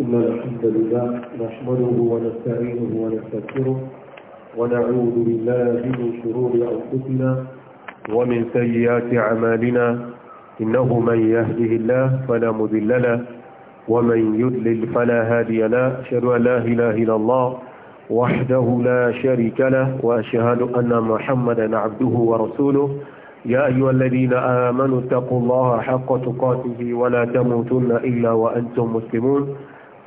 إن الحمد لله نحمده ونستعينه ونستغفره ونعوذ بالله من شرور أنفسنا ومن سيئات أعمالنا إنه من يهده الله فلا مذل له ومن يذلل فلا هادي له أشهد أن لا إله إلا الله وحده لا شريك له وأشهد أن محمدا عبده ورسوله يا أيها الذين آمنوا اتقوا الله حق تقاته ولا تموتن إلا وأنتم مسلمون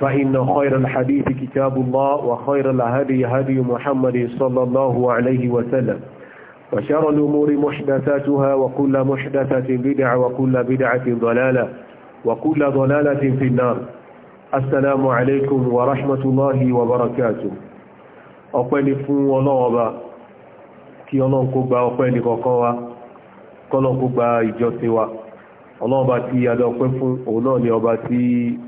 فإن خير الحديث كتاب الله وخير الهدي هدي محمد صلى الله عليه وسلم وشر الأمور محدثاتها وكل محدثة بدعة وكل بدعة ضلالة وكل ضلالة في النار السلام عليكم ورحمة الله وبركاته أقول فون ولغبا كي ألون أقول كوكوا كلون إجوتوا ọlọ́ọ̀bá tí adọ́pẹ́ fún òun náà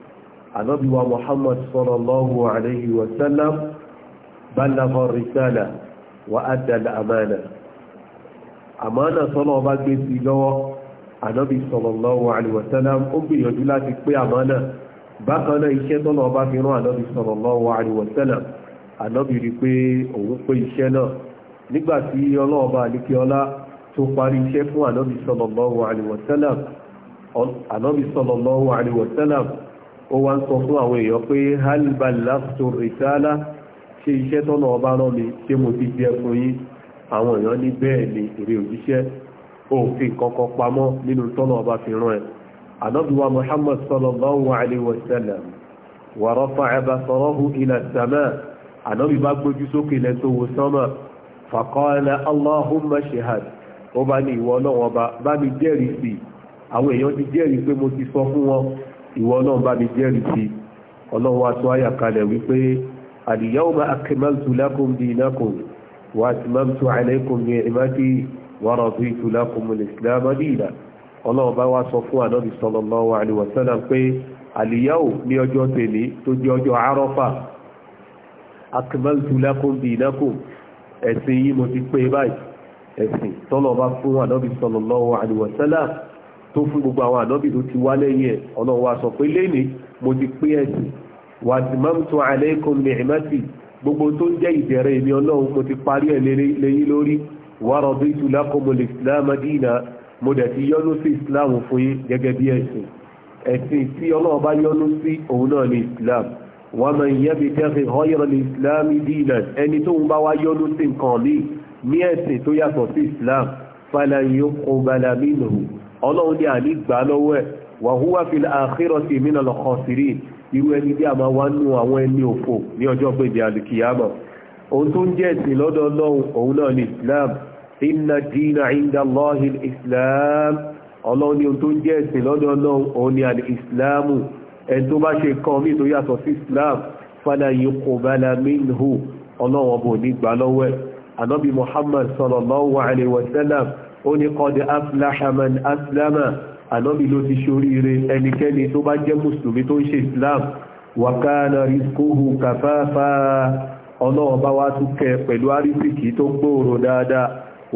ànábì wa muhammad sallallahu alayhi wa sallam balagha risala wa adda al-amana àmánà sọ́nà ọba صلى الله عليه وسلم sallallahu alayhi wa sallam ó gbìyànjú láti pé àmánà bákan náà iṣẹ́ tọ́nà ọba fi rán ànábì sallallahu alayhi wa sallam ànábì rí pé òun pé iṣẹ́ náà nígbàtí ọlọ́ọ̀bá àdíkíọlá tó parí iṣẹ́ fún ànábì sallallahu alayhi ó wá ń sọ fún àwọn èèyàn pé halbalafto risala ṣe iṣẹ́ tọ́nà ọba rán mi ṣé mo ti jẹ fún yín àwọn èèyàn ní bẹ́ẹ̀ ni èrè òjíṣẹ́ òfin kankan pamọ́ nínú tọ́nà ọba fi rán ẹ ànábìwá muhammad sallallahu alayhi wa sallam wa rafa'a basarahu ila as-samaa ànábì bá gbójú sókè lẹ́tọ́ wo sánmà faqala allahumma shahad ó bá ní ìwọ náà wọn bá mi jẹ́rìí sí àwọn èèyàn ti jẹ́rìí pé mo ti sọ fún wọn ìwọ ọlọ́run bá mi jẹ́rìí sí ọlọ́run wa tó àyà kalẹ̀ wípé al-yawma akmaltu lakum dinakum wa atmamtu alaykum ni'mati wa raditu lakum al-islam dina ọlọ́run bá wá sọ fún ànábì sallallahu alaihi wa sallam pé àlìyáwó ní ọjọ́ tèmi tó jẹ́ ọjọ́ àárọ́fà akmaltu lakum dinakum ẹ̀sìn yìí mo ti pé báyìí ẹ̀sìn tọ́lọ̀ bá fún ànábì sallallahu alaihi tó fún gbogbo àwọn ànábì tó ti wá lẹ́yìn ẹ̀ ọlọ́run wa sọ pé lénìí mo ti pé ẹ̀sìn wà sí mọ́mtò alaykum ni'mati gbogbo tó jẹ́ ìbẹ̀rẹ̀ èmi ọlọ́run mo ti parí ẹ̀ lẹ́yìn lórí wa raditu lakumul islama dina mo dẹ̀ ti yọ́nú sí islam fún yín gẹ́gẹ́ bí ẹ̀sìn ẹ̀sìn tí ọlọ́run bá yọ́nú sí òun náà ni islam wa man yabtaghi ghayra al-islam dinan ẹni tóun bá wá yọ́nú sí nǹkan míì ní ẹ̀sìn tó yàtọ̀ sí islam falan yuqbala minhu ọlọ́run ní àní gbà lọ́wọ́ ẹ̀ wa huwa fil akhirati minal khasirin irú ẹni bí a máa wá nú àwọn ẹni òfò ní ọjọ́ pé ìdí alìkìyàmọ̀ ohun tó ń jẹ́ ẹ̀sìn lọ́dọ̀ ọlọ́run òun náà ní islam inna dina inda allahi islam ọlọ́run ní ohun tó ń jẹ́ ẹ̀sìn lọ́dọ̀ ọlọ́run òun ní alìsìlámù ẹni tó bá ṣe kan mí tó yàtọ̀ sí islam fala yuqbala minhu ọlọ́run ọbọ̀ nígbà lọ́wọ́ ẹ̀ ànábì muhammad sallallahu alayhi wa sallam ó ní kọ́dẹ̀ aflahaman aslama ànábì ló ti ṣoríire ẹnikẹ́ni tó bá jẹ́ mùsùlùmí tó ń ṣe islam wakana rizkuhu kafafa ọlọ́wọ́ bá wá tún kẹ pẹ̀lú àrísìkì tó gbòòrò dáadáa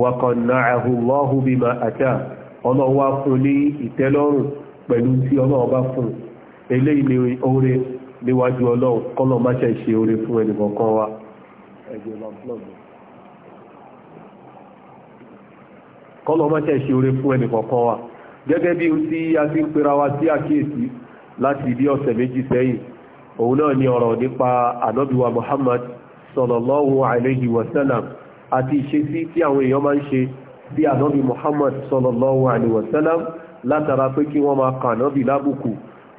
wakanna'ahu Allahu bima ata ọlọ́wọ́ wá fún ní ìtẹ́lọ́rùn pẹ̀lú tí ọlọ́wọ́ bá fún eléyìí ni oore níwájú ọlọ́run kọ́lọ̀ máṣe oore fún ẹnìkọ̀ọ̀kan wa ẹgbẹ̀rún kọ́lọ́ mọ́ṣẹ́ ṣe oore fún ẹnì kọ̀ọ̀kan wa gẹ́gẹ́ bí o tí a ti ń pera wa sí àkíyèsí láti bí ọ̀sẹ̀ méjì sẹ́yìn òun náà ni ọ̀rọ̀ nípa ànábìwa Muhammad sallallahu alayhi wa sallam àti ìṣesí tí àwọn èèyàn máa ń ṣe sí ànábì Muhammad sallallahu alayhi wa sallam látara pé kí wọ́n máa kà ànábì lábùkù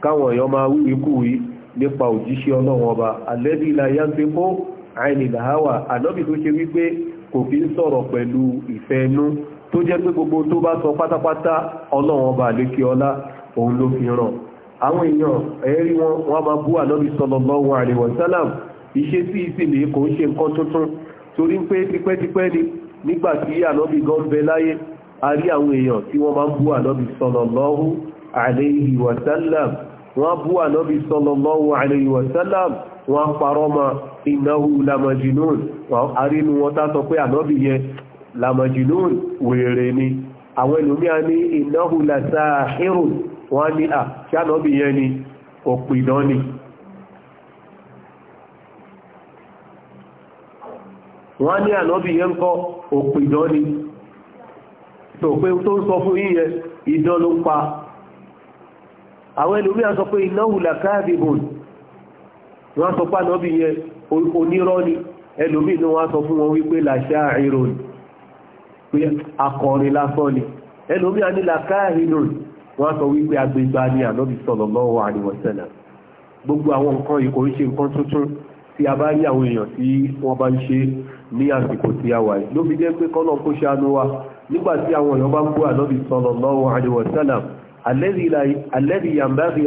káwọn èèyàn máa wí ikúwí nípa òjíṣẹ́ ọlọ́run ọba alẹ́bí la yá ń fi kó àìníláhàwà ànábì tó ṣe wípé kò fi ń sọ̀rọ̀ pẹ̀lú ìfẹ́ inú tó jẹ́ pé gbogbo tó bá sọ pátápátá ọlọ́run ọba àlékè ọlá òun ló fi ràn àwọn èèyàn ẹ̀rí wọn wọn máa bú ànábì sallallahu alaihi wasallam ìṣesí ìsìnlẹ̀ kò ń ṣe nǹkan tuntun torí pé tipẹ́tipẹ́ ni nígbà tí ànábì gan bẹ láyé a rí àwọn èèyàn tí wọ́n máa ń bú ànábì sallallahu alaihi wasallam wọ́n bú ànábì alaihi wasallam wọ́n parọ́ ma innahu la majnun àrínú wọn tá sọ pé ànábì yẹn lamajinun wèrè ni àwọn ẹlòmíà ní innahu lasahirun wọ́n ní à ṣánàbí yẹn ni òpìdán ni wọ́n ní ànábì yẹn kọ́ òpìdán ni tó pé tó ń sọ fún yíyẹ idán ló ń pa àwọn ẹlòmíà sọ pé innahu lakadibun wọ́n sọ pé ànábì yẹn onírọ́ ni ẹlòmíì ni wọ́n sọ fún wọn wípé làṣà ìròyìn pé akọrin lásán ni ẹlòmí a ní làkáàrínù wọ́n sọ wípé agbègbà ní ànábì sallallahu alaihi wasallam gbogbo àwọn nǹkan yìí kò ń ṣe nǹkan tuntun tí a bá rí àwọn èèyàn tí wọ́n bá ń ṣe ní àsìkò tí a wà yìí ló fi jẹ́ pé kọ́nà kó ṣàánú wa nígbà tí àwọn èèyàn bá ń bú ànábì sallallahu alaihi wasallam alladhi yanbaghi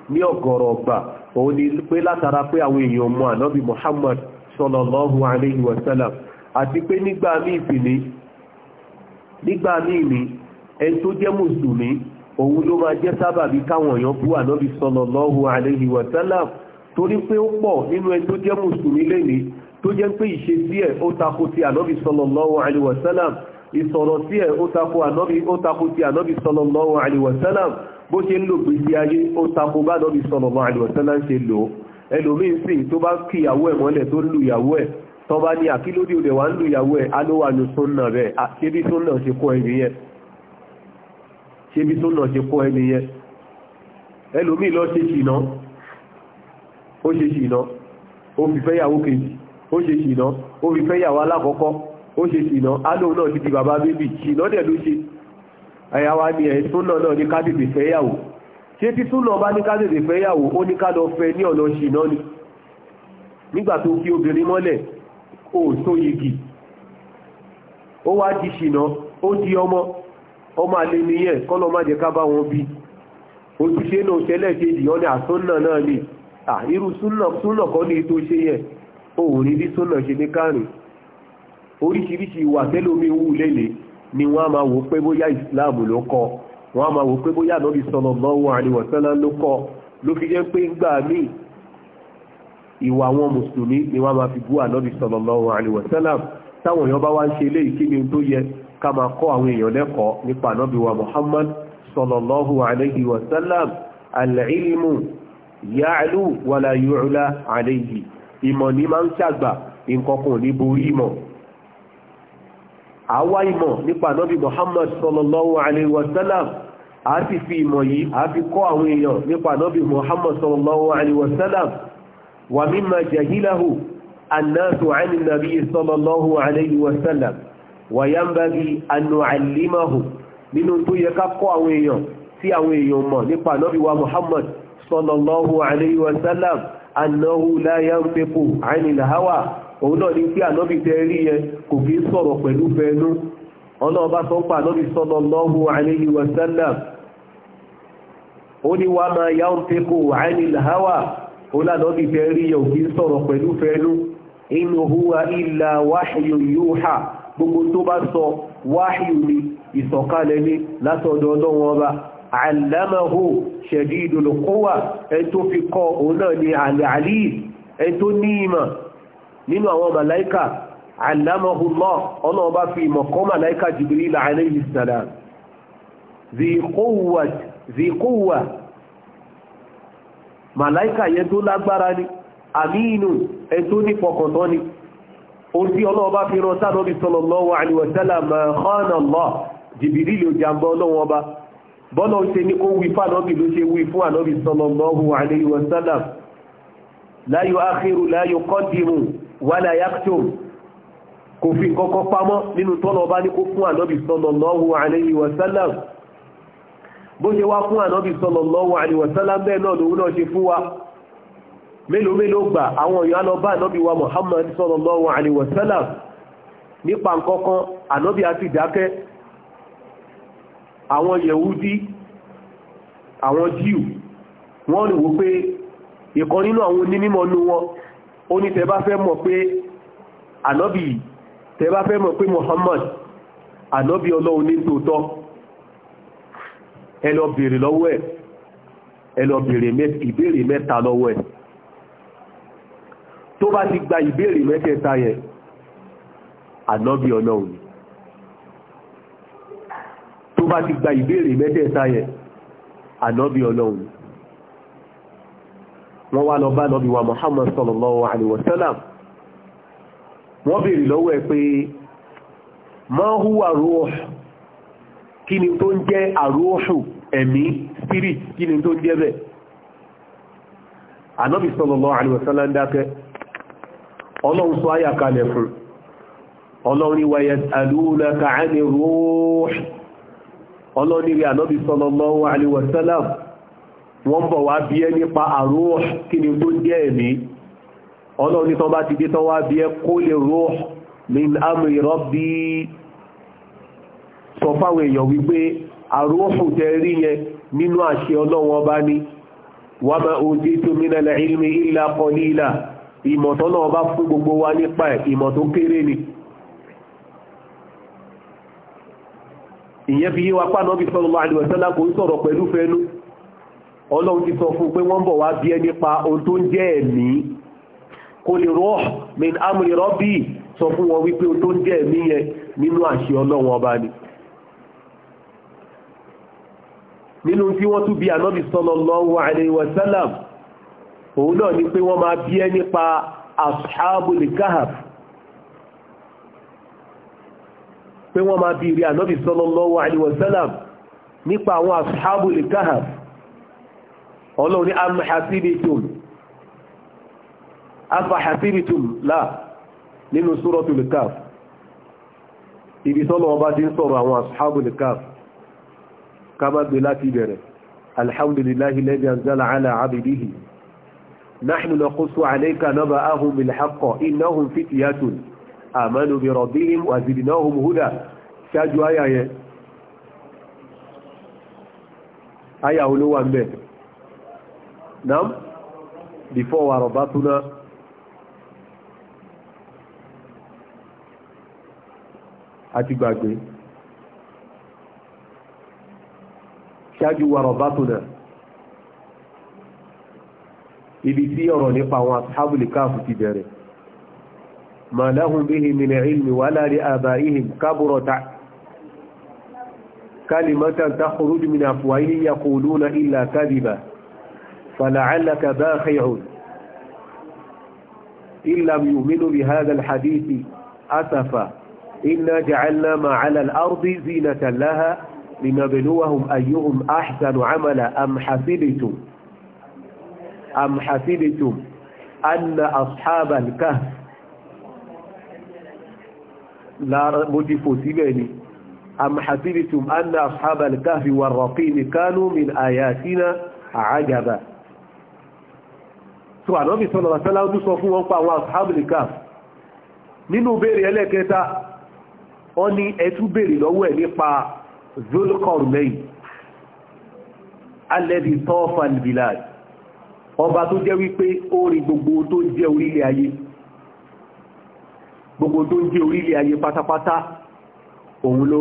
ní ọ̀gọ̀rọ̀ ọgbà òun ni pé látara pé àwọn èèyàn mọ ànábì Muhammad sallallahu alayhi wa sallam àti pé nígbà míì sì ni nígbà míì ni ẹni tó jẹ́ mùsùlùmí òun ló máa jẹ́ sábàbí káwọn èèyàn bú ànábì sallallahu alayhi wa sallam torí pé ó pọ̀ nínú ẹni tó jẹ́ mùsùlùmí lénìí tó jẹ́ pé ìṣe sí ẹ̀ ó tako ti ànábì sallallahu alayhi wa ìsọ̀rọ̀ sí ó tako ti ànábì sallallahu alayhi wa bó ṣe ń lò gbèsè ayé ó tako bá dọ́bí sọ̀rọ̀ mọ́ àlùwọ̀sẹ́lá ṣe lò ó ẹlòmíín sì tó bá kí ìyàwó ẹ̀ mọ́lẹ̀ tó lu ìyàwó ẹ̀ tó bá ní àkílódé òde wà ń lu ìyàwó ẹ̀ alówà ní sọ́nà rẹ̀ ṣébí sọ́nà ṣe kọ́ ẹni yẹn ṣébí sọ́nà ṣe kọ́ ẹni yẹn ẹlòmíín lọ ṣe ṣìnà ó ṣe ṣìnà ó fi fẹ́ yàwó kejì ó ṣe ṣìnà ó fi fẹ́ yàwó alákọ̀ọ́kọ́ ó ṣe ṣìnà alóhùn náà ti di bàbá bébì ṣìnà dẹ̀ ló ṣe ẹ̀yà wa ni ẹ̀yìn tó lọ́nà ní kádìdì fẹ́yàwó tí tí súnà bá ní kádìdì fẹ́yàwó ó ní kádọ fẹ́ ní ọ̀nà ṣìná ni nígbà tó kí obìnrin mọ́lẹ̀ ó tó yìgì ó wá di ṣìná ó di ọmọ ọmọ àlè nìyẹn kọ́nà má jẹ́ ká bá wọn bí ojúṣe náà ṣẹlẹ̀ kejì ọ́nà àsúnà náà ni à irú súnà súnà kọ́ ní ètò ṣe yẹn òun ní bí súnà ṣe ní kárìn oríṣiríṣi ìwà tẹ́lómi wù lélẹ̀ẹ́ ni wọ́n máa wò pé bóyá islam ló kọ́ wọ́n máa wò pé bóyá nọ́bí sallallahu alaihi wasallam ló kọ́ ló fi jẹ́ pé ń gbà míì ìwà àwọn mùsùlùmí ni wọ́n máa fi bú ànọ́bí sallallahu alaihi wasallam táwọn èèyàn bá wá ń ṣe eléyìí kí tó yẹ ká máa kọ́ àwọn èèyàn lẹ́kọ̀ọ́ nípa ànọ́bí wa Muhammad sallallahu alaihi wasallam àwa ìmọ̀ nípa ànábì Muhammad sallallahu alayhi wa sallam a sì fi ìmọ̀ yìí a fi kọ́ àwọn èèyàn nípa ànábì Muhammad sallallahu alayhi wa sallam wa mimma jahilahu annasu ani nabi sallallahu alayhi wa sallam wa yanbaghi an nu'allimahu nínú tó yẹ ká kọ́ àwọn èèyàn tí àwọn òun náà ni pé ànábì tẹ rí yẹn kò kí sọ̀rọ̀ pẹ̀lú fẹnu ọlọ́ọ̀bá sọ ń pa ànábì sallallahu alayhi wa sallam ó ní wàá máa yá ń tẹ́kọ̀ anil hawa òun gbogbo tó bá sọ wahyu ni ìsọ̀kalẹ̀ ni látọ̀dọ̀ ọlọ́wọ́n ọba àlámàhù shadidul quwa ẹ tó fi kọ́ òun náà ni àlàálì ẹ tó ní ìmọ̀ nínú àwọn màláíkà alámọ̀húnmọ́ ọ̀nà ọba fi ìmọ̀kọ́ màláíkà Jibril alayhi salam zikowwa màláíkà yẹn tó lágbára ni àmínú ẹn tó ní pọkàntán ni ó sí ọ̀nà ọba fi rán sánàbí sallallahu alayhi wa sallam khana Allah Jibril ò jàmbá ọlọ́wọ́ ọba bọ́nà ṣe ní kó wí fánàbí ló ṣe wí fún ànàbí sallallahu alayhi wa sallam wala yaktum kò fi kọ́kọ́ pamọ́ nínú tọ́nà ọba ní kó fún ànábì sallallahu alayhi wa sallam bó ṣe wá fún ànábì sallallahu alayhi wa sallam bẹ́ẹ̀ náà lòun náà ṣe fún wa mélòó mélòó gbà àwọn èèyàn lọ bá ànábì wa Muhammad sallallahu alayhi wa sallam nípa nǹkankan ati àti ìdákẹ́ àwọn yẹ̀wúdí àwọn jíù wọ́n rí pe. pé ìkan nínú àwọn onímọ̀ nú wọn ó ní tẹ bá fẹ́ mọ̀ pé ànábì tẹ bá fẹ́ mọ̀ pé Muhammad ànábì ọlọ́run ní tòótọ́ ẹ lọ bèèrè lọ́wọ́ ẹ̀ ẹ lọ bèèrè ìbéèrè mẹ́ta lọ́wọ́ ẹ̀ tó bá ti gba ìbéèrè mẹ́tẹ̀ẹ̀ta yẹn ànábì ọlọ́run ni tó bá ti gba ìbéèrè mẹ́tẹ̀ẹ̀ta yẹn ànábì ọlọ́run ni wọ́n wá lọ bá nọ́bí wa Muhammad sallallahu alaihi wasallam wọ́n bèèrè lọ́wọ́ ẹ̀ pé ma huwa ruh kí ni tó ń jẹ́ àrúhù ẹ̀mí spirit kí ni tó ń jẹ́ bẹ̀ anọ́bí sallallahu alaihi wasallam dákẹ́ ọlọ́run sọ áyà kalẹ̀ fún ọlọ́run wa yas'alunaka 'ani ruh ọlọ́run rí anọ́bí sallallahu alaihi wasallam wọ́n bọ̀ wá bí ẹ nípa àrúwọ̀ kí ni tó jẹ́ ẹ̀mí ọlọ́run ní tán bá ti dé tán wá bí ẹ kó lè rúọ̀ min amri rabbi sọ fáwọn èèyàn wípé àrúwọ̀fù tẹ rí yẹn nínú àṣẹ ọlọ́run ọba ní wa ma utitu minal ilmi illa qalila ìmọ̀ tọ́nà ọba fún gbogbo wa nípa ẹ̀ ìmọ̀ tó kéré ni ìyẹn fi yíwa pàdánù bí sallallahu alaihi wasallam kò ń sọ̀rọ̀ pẹ̀lú fẹ́nu ọlọ́run ti sọ fún pé wọ́n bọ̀ wá bí ẹ nípa ohun tó ń jẹ́ ẹ̀mí kò lè rọ́ min amri rabbi sọ fún wọn wípé ohun tó ń jẹ́ ẹ̀mí yẹn nínú àṣẹ ọlọ́run ọba ni nínú tí wọ́n tún bí ànábì sallallahu alayhi wa òun náà ni pé wọ́n máa bí ẹ nípa ashabul kahf pé wọ́n máa bí rí ànábì sallallahu alayhi wa nípa àwọn ashabul kahf ọlọ́run ní amhasibitum afahasibitum láà nínú suratul Kahf ibi tọ́lọ̀ ọba ti ń sọ̀rọ̀ àwọn ashabul Kahf ká má gbé láti bẹ̀rẹ̀ alhamdulillahi lladhi anzala ala abdihi nahnu naqussu alayka naba'ahum bilhaqqi innahum fityatun amanu bi rabbihim wa zidnahum huda ṣáájú ayà yẹn ayà olówó àmbẹ̀ نعم، before wa rọ̀bátúná àti gbàgbé ṣáájú wa rọ̀bátúná ibi tí ọ̀rọ̀ nípa àwọn asáàbùlì káàfù ti bẹ̀rẹ̀ ma lahum bihi min ilmi wala li abaihim kaburata kalimatan takhruju min afwahihim yaquluna illa kadhiba فلعلك باخع إن لم يؤمنوا بهذا الحديث أسفا إنا جعلنا ما على الأرض زينة لها لنبلوهم أيهم أحسن عملا أم حسبتم أم حسبتم أن أصحاب الكهف لا مجفوا سبيني أم حسبتم أن أصحاب الكهف والرقيم كانوا من آياتنا عجبا so ànábì sọ́lọ̀ àṣálá ó tún sọ fún wọn pa àwọn àṣábìlìkà nínú béèrè ẹlẹ́kẹta wọ́n ní ẹtú béèrè lọ́wọ́ ẹ̀ nípa zulkarnain alẹ́bí tọ́ọ̀fà bilad ọba tó jẹ́ wípé ó rí gbogbo tó jẹ́ orílẹ̀ ayé gbogbo tó jẹ́ orílẹ̀ ayé pátápátá òun ló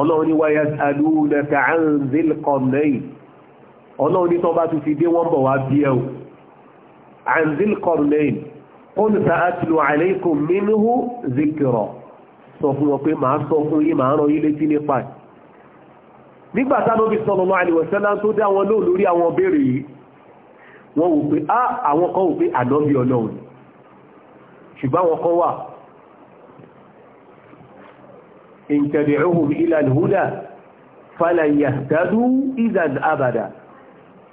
ọlọ́run ni wáyé alúlẹ̀kà án zulkarnain ọlọ́run ní tọ́ba tún ti dé wọ́n bọ̀ wá bí ẹ o anzil kọ́rùnẹ́yìn qul sa'atlu alaykum minhu zikra sọ fún wọn pé màá sọ fún yín màá rán yín létí nípa ẹ̀ nígbà tábọ́bí sallallahu alaihi wasallam tó dá wọn lóò lórí àwọn béèrè yìí wọ́n wò pé á ah, àwọn kan wò pé ànábì ọlọ́run ṣùgbọ́n àwọn kan wà in tad'uhum ila al-huda falan yahtadu idhan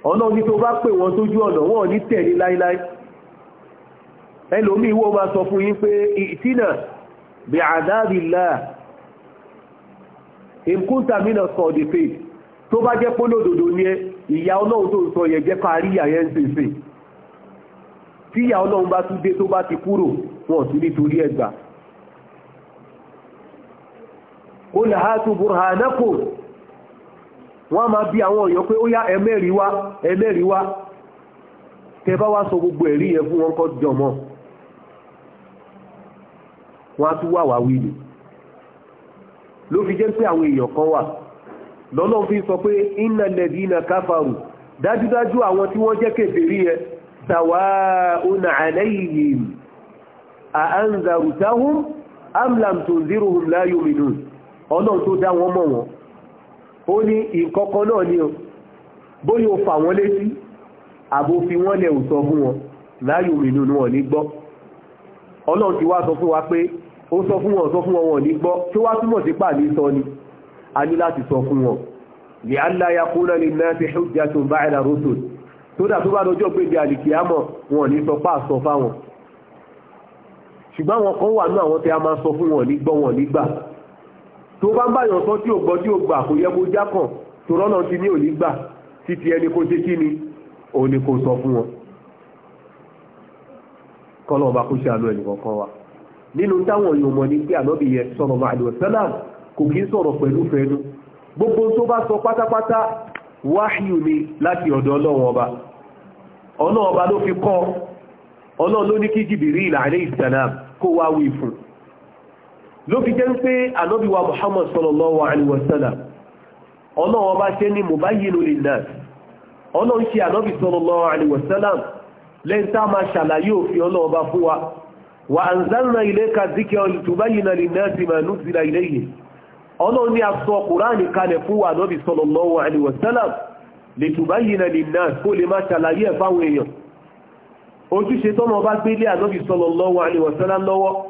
ọ̀nà ní tó bá pè wọn tójú ọ̀nà wọn ní tẹ̀lé láíláí ẹlòmíì wọ́n máa sọ fún yín pé ìtínà bí àdáàbìlá ìkúntàmínà sọ the faith tó bá jẹ́ pólódodo ní ẹ ìyá ọlọ́run tó ń sọ yẹn jẹ́ parí àyẹ́ ń sèse tí ìyá ọlọ́run bá tún dé tó bá ti kúrò wọn sí nítorí ẹgbà kó làá tún wọ́n máa bí àwọn èèyàn pé ó yá ẹ̀mẹ́rìí wá ẹ̀mẹ́rìí wá tẹ bá wá sọ gbogbo ẹ̀rí yẹn fún wọn kọ́ jọmọ wọn á tún wà wá wí ni ló fi jẹ́ pé àwọn èèyàn kan wà lọ́nà fi sọ pé iná lẹ́dí iná káfàrù dájúdájú àwọn tí wọ́n jẹ́ kèfèrí yẹn sàwà ọ̀nà àlẹ́yìn àánzàrùtáhùn amlam tó ń zírùhùn láyòmìnú ọlọ́run tó dá wọn mọ̀ wọn ó ní ìkọ̀kọ̀ náà ni o bóyá o fà wọ́n létí àbò fi wọ́n lẹ̀ ò sọ fún wọn láyò mìínú wọn ní gbọ́ ọlọ́run ti wá sọ fún wa pé ó sọ fún wọn sọ fún wọn wọn ní gbọ́ tí wá túmọ̀ sí pàdé sọ ni a ní láti sọ fún wọn lè aláya kúrò ní mẹ́sì ṣújá tó bá ẹ̀là rọ́tò tó dà tó bá lọ́jọ́ pé di àlìkìyàmọ̀ wọn ní sọ pá sọ fáwọn ṣùgbọ́n wọn kan wà ní àwọn tí a máa sọ fún wọn ní gbọ́ wọn nígbà tó bá ń báyọ̀ sọ tí ò gbọ́ tí ò gbà kò yẹ kó jákàn tó rọ́nà ti ní òní gbà títí ẹni kó ṣe kí ni kò sọ fún wọn kọ́nà ọba kó ṣe wa nínú táwọn yóò mọ̀ ní pé ànábì yẹn sọ̀rọ̀ màálùú sẹ́lá kò kí ń sọ̀rọ̀ pẹ̀lú fẹ́nu gbogbo tó bá sọ pátápátá wáhíù ni láti ọ̀dọ̀ ọlọ́run ọba ọlọ́run ọba ló fi kọ́ ọlọ́run ló ló fi jẹ́ pé ànábíwa Muhammad sallallahu alaihi wasallam ọlọ́wọ́ bá ṣe ní mubayyinun linnas ọlọ́run ṣe ànábì sallallahu alaihi wasallam lẹ́ntà máa ṣàlàyé òfin ọlọ́wọ́ bá fún wa wa anzalna ilayka dhikra litubayyina linnasi ma nuzila ilayhim ọlọ́run ní a kùránì kalẹ̀ fún wa ànábì sallallahu alaihi wasallam litubayyina linnas kó lè máa ṣàlàyé ẹ̀fáwọn èèyàn ojúṣe tọ́nà bá gbélé ànábì sallallahu alaihi wasallam lọ́wọ́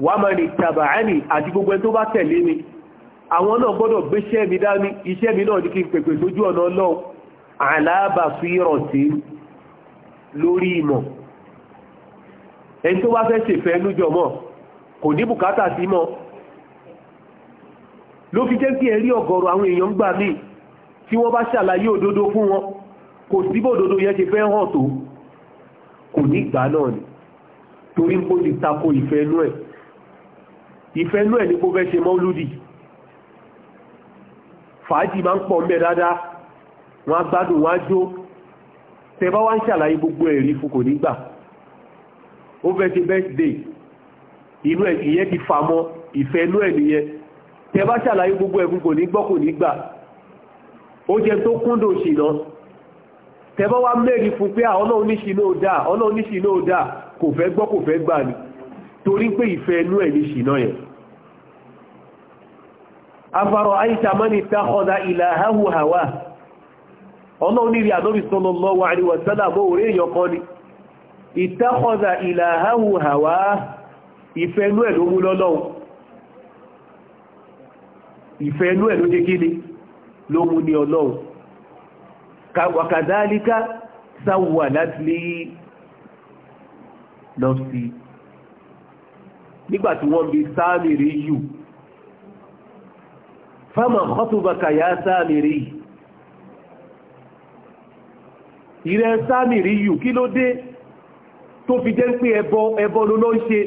wà máa ní tàbàáni àti gbogbo ẹni tó bá tẹ̀lé mi àwọn náà gbọ́dọ̀ gbéṣẹ́ mi dání iṣẹ́ mi náà ní kí n pèpè sójú ọ̀nà ọlọ́run aláàbàfíìrọ̀tì lórí ìmọ̀ ẹni tó bá fẹ́ ṣèfẹ́ lójọ mọ̀ kò ní bùkátà sí mọ̀ ló fi jẹ́ kí ẹ rí ọ̀gọ̀rọ̀ àwọn èèyàn gbà míì tí wọ́n bá ṣàlàyé òdodo fún wọn kò sí òdodo yẹn ṣe fẹ́ hàn tó kò ní gbà náà ni torí ń kó ti tako ìfẹ́ inú ẹ̀ ìfẹ́ ló ẹ̀ ní kó fẹ́ ṣe mọ́lúdì fàájì máa ń pọ̀ mẹ́ dáadáa wọ́n á gbádùn wọ́n á jó tẹ bá wá ń ṣàlàyé gbogbo ẹ̀rí fún kò nígbà ó fẹ́ ṣe birthday inú ẹ̀ ìyẹn ti fà mọ́ ìfẹ́ inú ẹ̀ ṣàlàyé gbogbo ẹ̀kún kò ní kò nígbà ó jẹ tó kúndò ṣìnà tẹ wá mẹ́rin fún pé ọ̀nà oníṣìnà ò dáa kò fẹ́ gbọ́ kò fẹ́ gbà ni torí pé ìfẹ́ inú ẹ̀ ní ṣìnà yẹn afárọ̀ àìsà mọ́ni táhọ́dá ilẹ̀ ahù hàwà ọ̀nà onírí àdóbi sọ́nà lọ́wọ́ àríwọ̀ sádà bó orí èèyàn kan ni ìtáhọ́dá ilẹ̀ ahù hàwà ìfẹ́nú ẹ̀ ló mú lọ́lọ́un ìfẹ́nú ẹ̀ nígbàtí wọ́n bí sáàmì rí yù fáma kọ́tùbàkà yá sáàmìrí ìrẹ́ sáàmìrí yù kí ló dé tó fi jẹ́ pé ẹbọ ẹbọ ló ló ń ṣe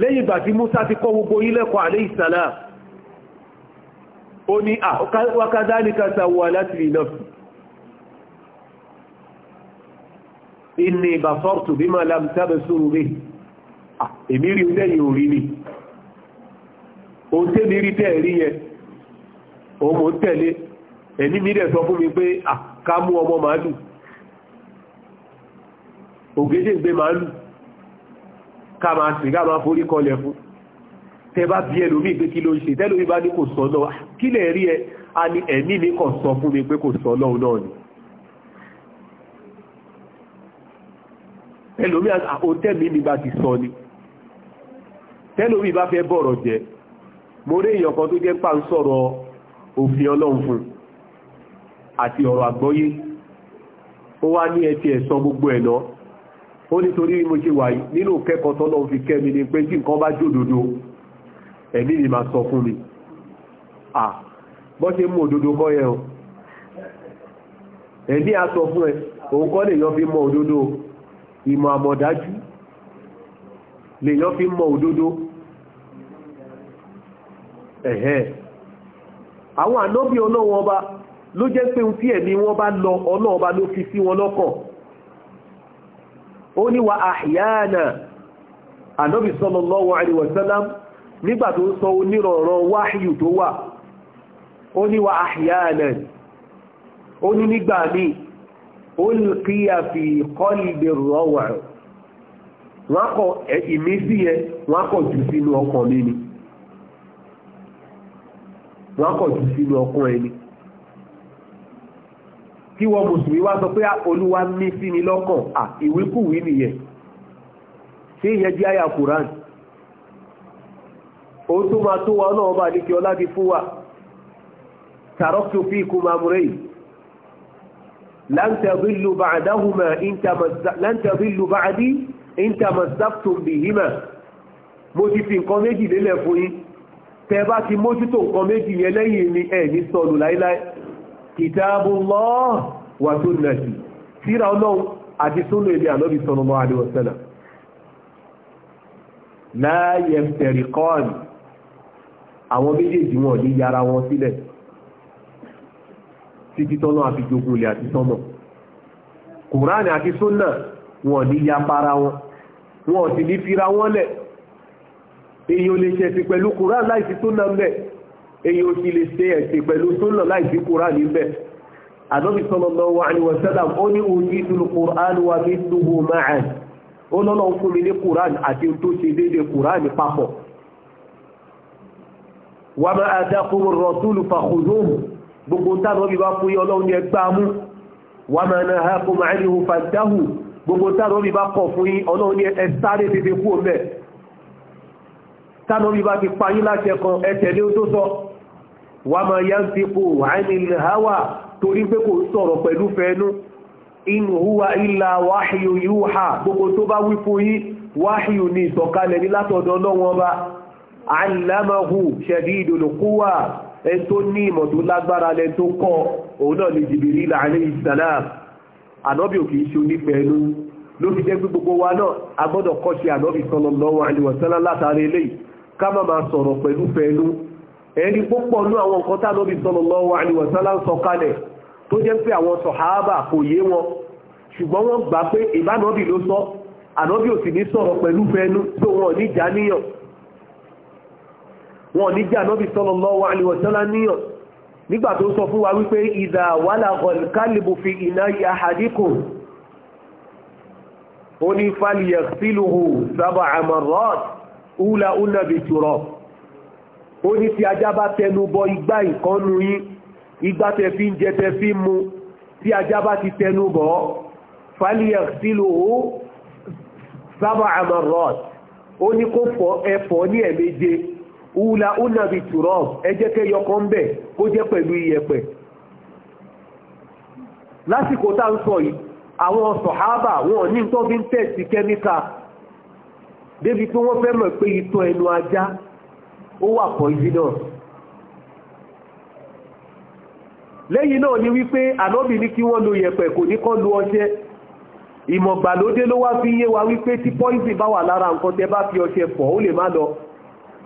lẹ́yìn ìgbà tí Musa ti kọ́ gbogbo ilẹ̀kọ̀ àlẹ́ ìsàlá ó ní àwọ́kádá ní kásàwọ́ láti ìlọ́ inni ìbàfọ́tù bí máa lam tabsuru ah, rí èmì rí lẹ́yìn orí ni òun tẹ́ mi yẹn òun mò ń tẹ̀lé ẹ̀mí mi dẹ̀ sọ fún mi pé ká mú ọmọ màálù ògédè gbé màálù ká máa sì ká máa forí kọlẹ̀ fún tẹ bá bí ẹlòmí pé kí ló ń ṣe tẹ́lòmí bá ní kò sọ náà kí lè rí ẹ a ní ẹ̀mí mi kàn sọ fún mi pé kò sọ náà náà ni ẹlòmí àtẹ́mí mi bá ti sọ ni tẹ́lòmí bá fẹ́ bọ̀rọ̀ jẹ́ mo rí èèyàn kan tó jẹ́ pà ń sọ̀rọ̀ òfin ọlọ́run fún àti ọ̀rọ̀ àgbọ́yé ó wá ní ẹ̀sọ gbogbo ẹ̀nà ó nítorí mo ṣe wà nínú kẹ́kọ̀ọ́ tọ́lọ́ fi kẹ́mi ni pé tí nǹkan bá jòdòdó ẹ̀mí máa sọ fún mi bọ́ ṣe mú kọ́ ẹ̀mí a sọ fún ẹ òun kọ́ fi mọ ìmọ̀ àmọ̀dájú fi mọ ẹ̀hẹ́ àwọn ànábì ọlọ́wọ́n ọba ló jẹ́ pé ohun tí ẹ̀mí wọn bá lọ ọba ló fi sí wọn lọ́kọ̀. ó ní wa àhìyáàna ànábì sallallahu alaihi wasallam nígbà tó ń sọ onírọ̀rọ̀ wáhíyù tó wà ó ní wa ó ní nígbà míì ó fi wọ́n kọ̀ jù sínú ọkàn ẹni kí wọ́n mùsùlùmí wá sọ pé ah, olúwa ní sí ni lọ́kàn à ah, ìwíkúwí nìyẹn ṣé ìyẹn jẹ́ àyà Quran òun tó máa tó wa náà bá ní kí ọlá ti fún wa tàrọ́kì òfin ikú máa múrẹ́ yìí láńtẹ̀bílù bàdàhùmá láńtẹ̀bílù bàdí ìntàmọ̀sáftùmbìhìmá mo ti fi nǹkan méjì fún yín tẹ bá ti mójútó nǹkan méjì yẹn lẹ́yìn ni ẹ̀ ní sọnù láíláí kitabullah wa sunnati síra ọlọ́run àti súnà ilé ànábì sallallahu alaihi wasallam la yaftariqan àwọn méjèèjì wọn ní yára wọn sílẹ̀ títí tọ́nà àfi jogun èyàn lè ṣe ẹ̀sìn pẹ̀lú Kùránì láìsí súnà ń bẹ̀ èyàn ò sì lè ṣe ẹ̀sìn pẹ̀lú súnà láìsí Kùránì níbẹ̀ ànábì sallallahu alaihi wasallam ó ní utitul Qur'ana wa mithluhu ma'ah ó lọ́nà ń fún mi ní Kùránì àti tó ṣe déédéé Kùránì papọ̀ wa ma atakum ar-rasulu fakhuzuhu gbogbo táwọn bí bá fún yọ ọlọ́run ní ẹgbàá mú wa ma nahakum anhu fantahu gbogbo táwọn bí bá kọ̀ fún yín ọlọ́run ní ẹ sáré tètè kú ọ̀mẹ́ tánàbí bá ti payín láṣẹ kan ẹ tẹ̀lé tó sọ wà máa yá ń fi kó àìní hawa torí pé kò sọ̀rọ̀ pẹ̀lú fẹ́ẹ́nú in huwa illa wahyu yuha gbogbo tó bá wí fún yín wahyu ní ìsọ̀kalẹ̀ ní látọ̀dọ̀ lọ́wọ́n bá allamahu shadidul quwa ẹ tó ní ìmọ̀ tó lágbára lẹ tó kọ́ òun náà ní Jibril alayhi salam ànọ́bì ò kìí jẹ́ gbogbo wa náà a kọ́ ṣe ànọ́bì sallallahu alaihi látàrí eléyìí ká má máa sọ̀rọ̀ pẹ̀lú pẹ̀lú ẹ̀rí púpọ̀ ní àwọn nǹkan tánàbí sallallahu alaihi wasallam ń sọ kalẹ̀ tó jẹ́ pé àwọn sọ̀háábà kò yé wọn ṣùgbọ́n wọ́n gbà pé ìbánàbí ló sọ ànábí ò sì ní sọ̀rọ̀ pẹ̀lú pẹ̀lú tó wọn ní já níyàn wọn ní já ànábí sallallahu alaihi wasallam níyàn nígbà tó sọ fún wa wípé ìdà walaghal ó ní falyaghsilhu sab'a marrat Ula una bèjò rọ̀ ó ní tí ajá bá tẹnu bọ igbá ìkọ́nu yín igbá tẹ fi ń jẹ tẹ fi ń mu tí ajá bá ti tẹnu bọ̀ fàlíyà sílò ó sábà àmọ̀rọ̀t ó ní kó fọ ẹ̀fọ́ ní ẹ̀méje húlà húnà bèjò rọ̀ ẹ jẹ́ kẹ́ yọkọ́ ń bẹ̀ kó jẹ́ pẹ̀lú iyẹ̀pẹ̀ lásìkò tá ń sọ yìí àwọn sọ̀hábà wọn ní tó fi ń tẹ̀sí kẹ́míkà débi pé wọ́n fẹ́ mọ̀ pé itọ́ ẹnu ajá ó wà poisonous lẹ́yìn náà ni wípé ànábì ní kí wọ́n lo yẹ̀pẹ̀ kò ní kọ́ lo ọṣẹ ìmọ̀gbàlódé ló wá fi yé wa wípé tí poison bá wà lára nǹkan tẹ bá fi ọṣẹ fọ̀ ó lè má lọ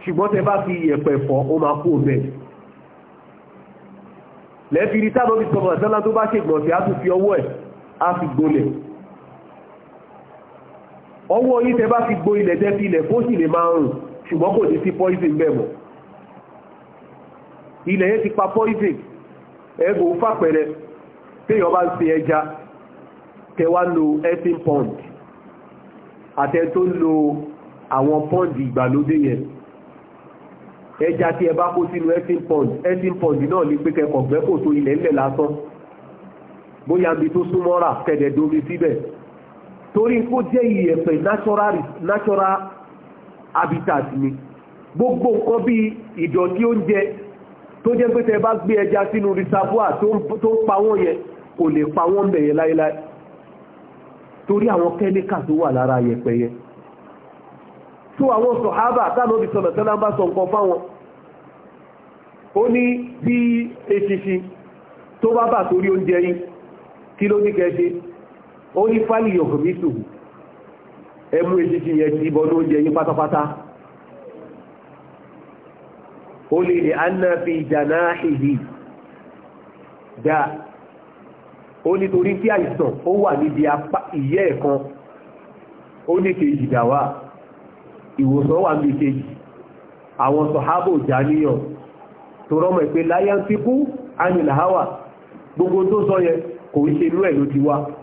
ṣùgbọ́n tẹ bá fi yẹ̀pẹ̀ fọ̀ ó máa kú ọbẹ̀ lẹ́fìrí tábọ́bí sọ̀rọ̀ àtàlá tó bá ṣègbọ̀nsẹ̀ á tún fi ọwọ́ ẹ̀ á fi gbolẹ̀ ọwọ́ yìí tẹ bá fi gbo ilẹ̀ tẹ́ fi ilẹ̀ bó sì lè máa rùn ṣùgbọ́n kò ní sí poison bẹ́ẹ̀ mọ́ ilẹ̀ yẹn ti pa poison ẹgbò fàpẹ̀rẹ̀ téèyàn bá ń ṣe ẹja tẹ wá lo earthen pond àtẹ tó lo àwọn pond ìgbàlódé yẹn ẹja tí ẹ bá kó sínú earthen pond earthen pond náà ní pé kẹkọ̀ọ́ gbẹ́kò tó ilẹ̀ ńlẹ̀ lásán bóyá ibi tó súnmọ́ rà kẹ̀dẹ̀ domi síbẹ̀ torí kó jẹ́ ìyẹ̀pẹ̀ natural habitat ni gbogbo nǹkan bí ìdọ̀tí oúnjẹ tó jẹ́ pé tẹ bá gbé ẹja sínú reservoir tó ń pa wọ́n yẹn kò lè pa wọ́n bẹ̀yẹ láíláí torí àwọn kẹ́míkà tó wà lára yẹ̀pẹ̀ yẹn tó àwọn sọ̀hábà tánàbí sọ̀nà tẹ́lá bá sọ nǹkan fáwọn ó ní bí eṣinṣin tó bá bà torí oúnjẹ yìí kí ló ní kẹ́ ó ní fálì yòókù mi tù ẹ mú eṣinṣi yẹn ti bọ́ lóúnjẹ yín pátápátá ó lè ní anna fi ìjànà ìhì dá ó nítorí tí àìsàn ó wà níbi ìyẹ́ ẹ̀kan ó ní kejì dàwà ìwòsàn wà ní kejì àwọn sọ̀hábò jàníyàn tó rọ́mọ̀ ìpé láyé ń fi kú ánìláháwà gbogbo tó sọ yẹ kò ń ṣe inú ẹ̀ ló ti wá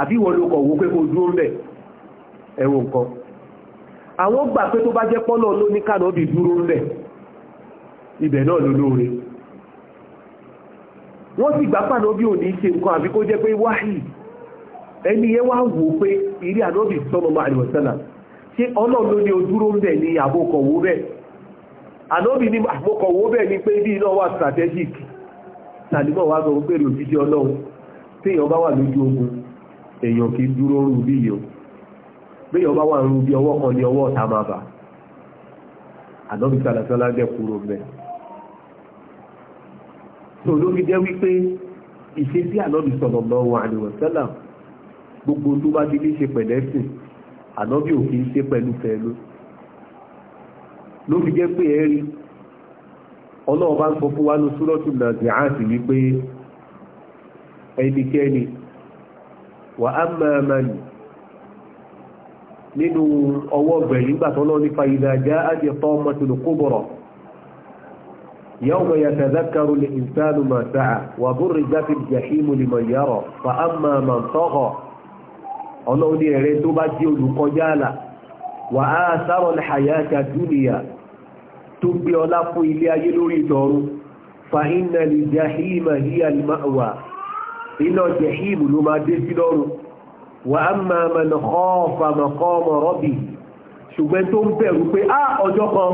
àbí wọ́n ló kọ̀ wó pé kó dúró mẹ́ ẹ̀wọ̀n nǹkan àwọn gbà pé tó bá jẹ́ pọ́nà ló ní kànáà bí dúró mẹ́ ibẹ̀ náà ló lóore wọ́n sì gbà bí ò ní ṣe nǹkan àbí kó jẹ́ pé wáhì ẹni yẹn wá wò pé ànábì ṣé ló ní ní bẹ́ẹ̀ ànábì ní bẹ́ẹ̀ mọ̀ wá sọ pé òjijì ọlọ́run bá wà lójú ogun èèyàn kì í dúró rú bí yìí o béèyàn bá wà ń rú bí ọwọ́ kan ní ọwọ́ ọ̀tá máa bà ànábi sàlàsàlà jẹ́ kúrò mẹ́. tó lórí jẹ́ wípé ìṣesí ànábi sọ̀rọ̀ mọ́ wọn àdìwọ̀n sẹ́là gbogbo tó bá ti ní ṣe pẹ̀lẹ́sìn ànábi ò kì í ṣe pẹ̀lú fẹ́ẹ́lú. lórí jẹ́ pé ẹ rí ọlọ́ọ̀bá ń sọ fún wa ní súrọ́tù Nazi'at wípé ẹnikẹ́ni wà á máa máa nì nínú ọwọ́ bẹ̀rẹ̀ nígbà tó lọ́ọ́ nípa ìdájá ájẹ́ tọ́ ọmọ tó lè kó bọ̀rọ̀ يوم يتذكر الإنسان ما سعى وبرزت الجحيم لمن يرى فأما من طغى ọlọ́run ní ẹ̀rẹ́ tó bá jẹ́ olùkọjá àlà wà á sáwọn àyàkà dúnìyà tó gbé ọlá fún ilé ayé lórí ìtọ̀run fa iná jẹ̀híìmù ló máa dé sí lọ́rùn wà á máa ma khafa ọmọ rabbi ṣùgbọ́n tó ń bẹ̀rù pé á ọjọ́ kan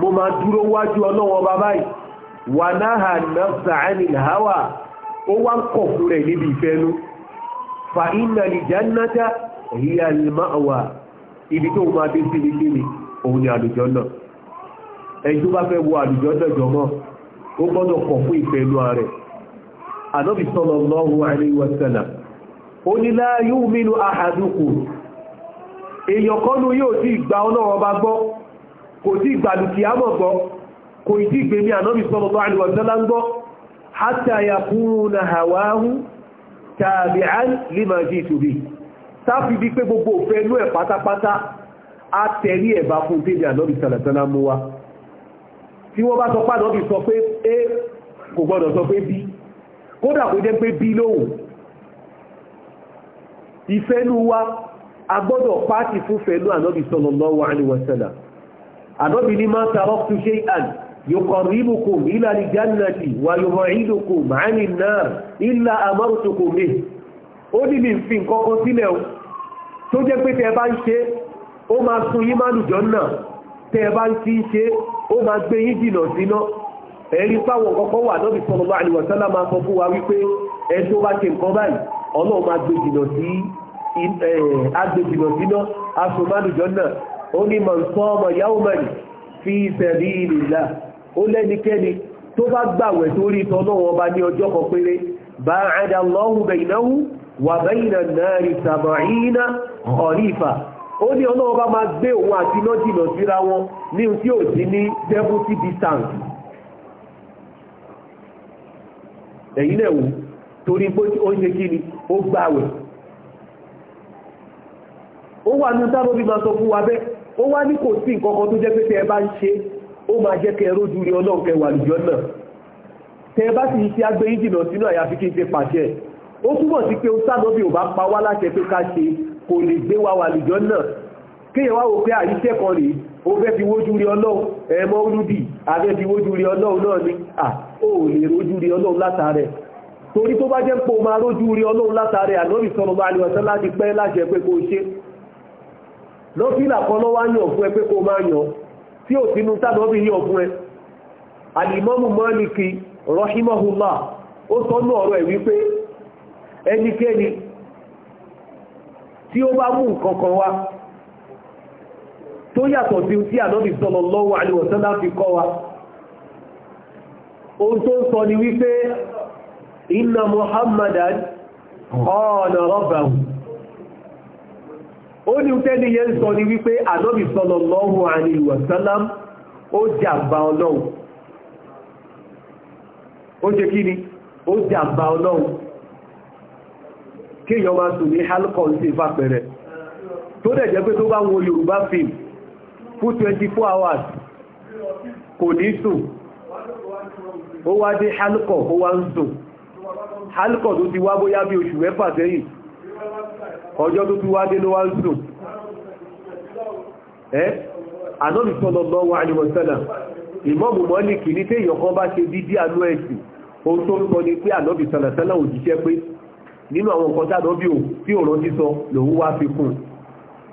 mo máa dúró wájú ọlọ́wọ́ bàbá yìí wà náà nafsa anil hawa ó wá ń kọ̀ fún rẹ̀ níbi ìfẹ́nu fa ibi tó máa dé sí ibi òun ni àlùjọ náà bá fẹ́ wo àlùjọ náà jọmọ́ ó gbọ́dọ̀ kọ̀ fún ìfẹ́nu rẹ̀ ànábì sallallahu alayhi wa sallam ó ní la yu'minu ahadukum èèyàn kọ́nú yóò tí ìgbà ọlọ́rọ̀ bá gbọ́ kò tí ìgbàlùkì àmọ̀ gbọ́ kò tí ìgbèmí ànábì sallallahu alayhi wa sallam gbọ́ hatta yakuna hawahu tabi'an tí wọ́n bá sọ pé ànábì sọ pé a kódà kó jẹ́ pé bí lóhùn ìfẹ́lú wa a gbọ́dọ̀ pàtì fún fẹ́lú ànábì sallallahu alaihi wasallam ànábì ní máa taraktu shay'an yuqarribukum ila al-jannati wa yub'idukum 'ani an-nar illa amartukum bihi ó ní lè ẹ̀rí fáwọn kọ́kọ́ wà lọ́bí sallallahu alaihi wasallam máa sọ fún wa wípé ẹ tó bá ṣe nǹkan báyìí ọlọ́run máa gbé jìnà sí agbègbè síná asomálùjọ náà ó ní mọ̀sánmọ̀ yáwùmọ̀lì fi sabilillah ó ọlọ́wọ́ bá máa gbé òun àti iná síra wọn ní tí ò sí ní 70 distance ẹ̀yìn náà wò torí pé ó ṣe kí ni ó gbàwẹ̀ ó wà ní sábọ́ bí máa sọ fún wa bẹ́ ó wá ní kò sí nǹkankan tó jẹ́ pé tẹ́ ẹ bá ń ṣe ó máa jẹ́ kẹ́ rójú rí ọlọ́run kẹ́ wà lùjọ́ náà tẹ́ ẹ bá sì ṣe agbé yín jìnà sínú àyàfi kí n ṣe pàṣẹ ó túbọ̀ sí pé ó sábọ́ bí ó lè rójú rí ọlọ́run látàrẹ torí tó bá jẹ́ pé o máa rójú rí ọlọ́run látàrẹ ànábì sọ́nà láti pẹ́ láti pé kó ṣe lọ́fíìlà kan lọ́wọ́ yàn fún ẹ pé kó máa yàn tí ò sínú tàbí yàn fún ẹ mọ́lìkì ó ọ̀rọ̀ ẹ̀ wípé ẹnikẹ́ni tí ó ohun tó ń sọ ni wípé inna muhammadan ọ̀nà rọ́bàwù ó ní tẹ́lì yẹn sọ ni wípé ànábì sallallahu alayhi wa sallam ó jàmbá ọlọ́run ó jẹ́ kí ni ó jàmbá ọlọ́run kí èèyàn máa sùn ní halkọ́ sí ìfàpẹ̀rẹ̀ tó dẹ̀ jẹ́ pé tó bá wo yorùbá film fún 24 hours kò ní sùn ó wá dé hálùkọ̀ ó wá ń sùn hálùkọ̀ tó ti wá bóyá bí oṣù mẹ́fà sẹ́yìn ọjọ́ tó ti wá dé ló wá ń sùn ẹ́ anọ́bì sallallahu alaihi wasallam ìmọ́mù mọ́lìkì ní tí kan bá ṣe dídí tó ń ni pé anọ́bì sọ̀lọ̀sọ́lọ̀ pé nínú àwọn nǹkan tí ò tí ò sọ lòun wá fi kún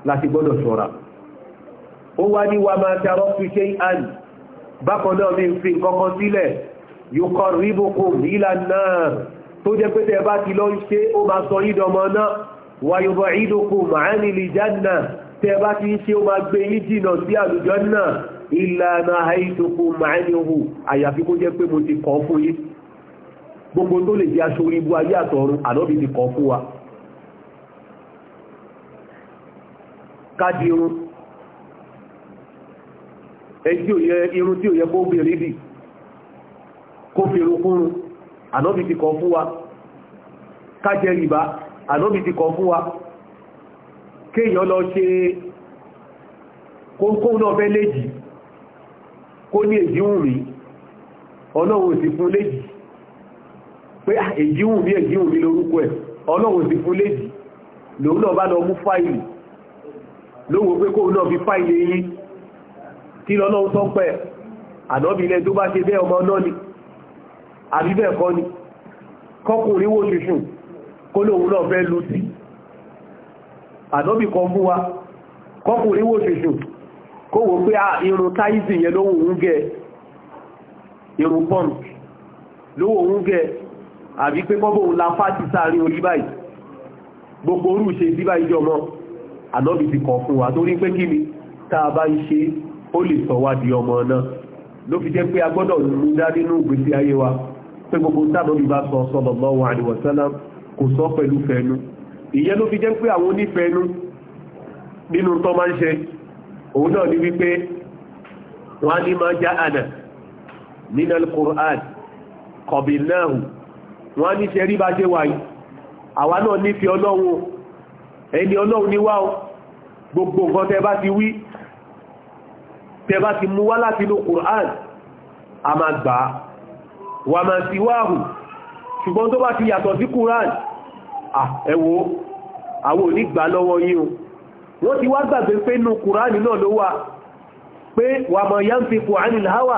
láti gbọ́dọ̀ ṣọ́ra ó wá wa máa fi ṣe bákan náà fi nǹkan kan yuqarribukum ila an-nar tó jẹ́ pé tẹ́ bá ti lọ ṣe ó máa sọ yín dọmọ náà wa yub'idukum 'anil janna tẹ́ bá ti ń ṣe ó máa gbé yín jìnà sí àlùjánnà illa nahaytukum àyàfi kó jẹ́ pé mo ti kọ́ fún yín gbogbo tó lè jẹ́ aṣọ orí ayé àtọ̀run àlọ́bì ti kọ́ fún wa káàdì irun ẹjí irun tí ò yẹ kó bèèrè dì kó fèrò fúnrun ànọ́bì ti kọ̀ fún wa kájẹ rìbá ànọ́bì ti kọ̀ fún wa kéèyàn lọ ṣe kóńkó náà fẹ́ léjì kó ní èjìhùn mi ọlọ́run sì fún léjì pé ah, èjìhùn mi èjìhùn mi lórúkọ ẹ̀ ọlọ́run sì fún léjì lòun náà bá lọ mú fáìlì lówó pé kóun náà fi fáìlì yín kí lọ́lọ́run tọ́pẹ́ ànọ́bì tó bá ṣe bẹ́ ọmọ náà ni àbí bẹ́ẹ̀ kọ́ ni kọkùnrin wó ṣùṣùn kó lóòun náà fẹ́ lú sí àdọ́bì kan fún wa kọkùnrin wó ṣùṣùn kó wò pé ah, irun táìsì yẹn lówó òun gẹ irun pọ́ǹk lówó òun gẹ àbí pé kọ́bọ̀ òun la fáti sáàrin orí báyìí gbogbo orú ṣe sí báyìí jọmọ àdọ́bì ti kọ̀ fún wa torí pé kí ni tá a bá ń ṣe ó lè sọ wá di ọmọ náà ló fi jẹ́ pé a gbọ́dọ̀ mú dá nínú ìgbésí ayé wa pé gbogbo táàbọ̀ bí bá sọ sallallahu alaihi wasallam kò sọ pẹ̀lú fẹ́nu ìyẹn ló fi jẹ́ pé àwọn onífẹ́nu nínú tó máa ń ṣe òun náà ni wípé wọ́n á ní máa já ànà nínú al-Qur'an qabilnahu wọ́n á ní ṣe rí bá ṣe wáyé àwa náà nífẹ̀ẹ́ ọlọ́run ẹni ọlọ́run níwá o gbogbo nǹkan tẹ bá ti wí tẹ bá ti mú wá látinú Qur'an a máa gbà wà máa sí wáhù ṣùgbọ́n tó bá ti yàtọ̀ sí kúrán ẹ wò àwọn onígbà lọ́wọ́ yín o wọ́n ti wá gbàgbé pé nù kúrán náà ló wà pé wà máa yá ń fi kò ánì láwà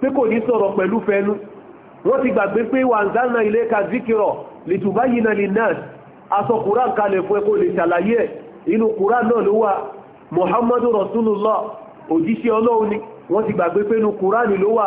pé kò ní sọ̀rọ̀ pẹ̀lú fẹnu wọ́n ti gbàgbé pé wà ń dáná ilé ka zikirọ̀ lìtùbá yìí náà lè náà aṣọ kúrán kalẹ̀ fún ẹ lè ṣàlàyé ẹ̀ inú kúrán náà ló wà muhammadu rasulullah òjíṣẹ́ ọlọ́run ni wọ́n ti gbàgbé pé nù kúrán ló wà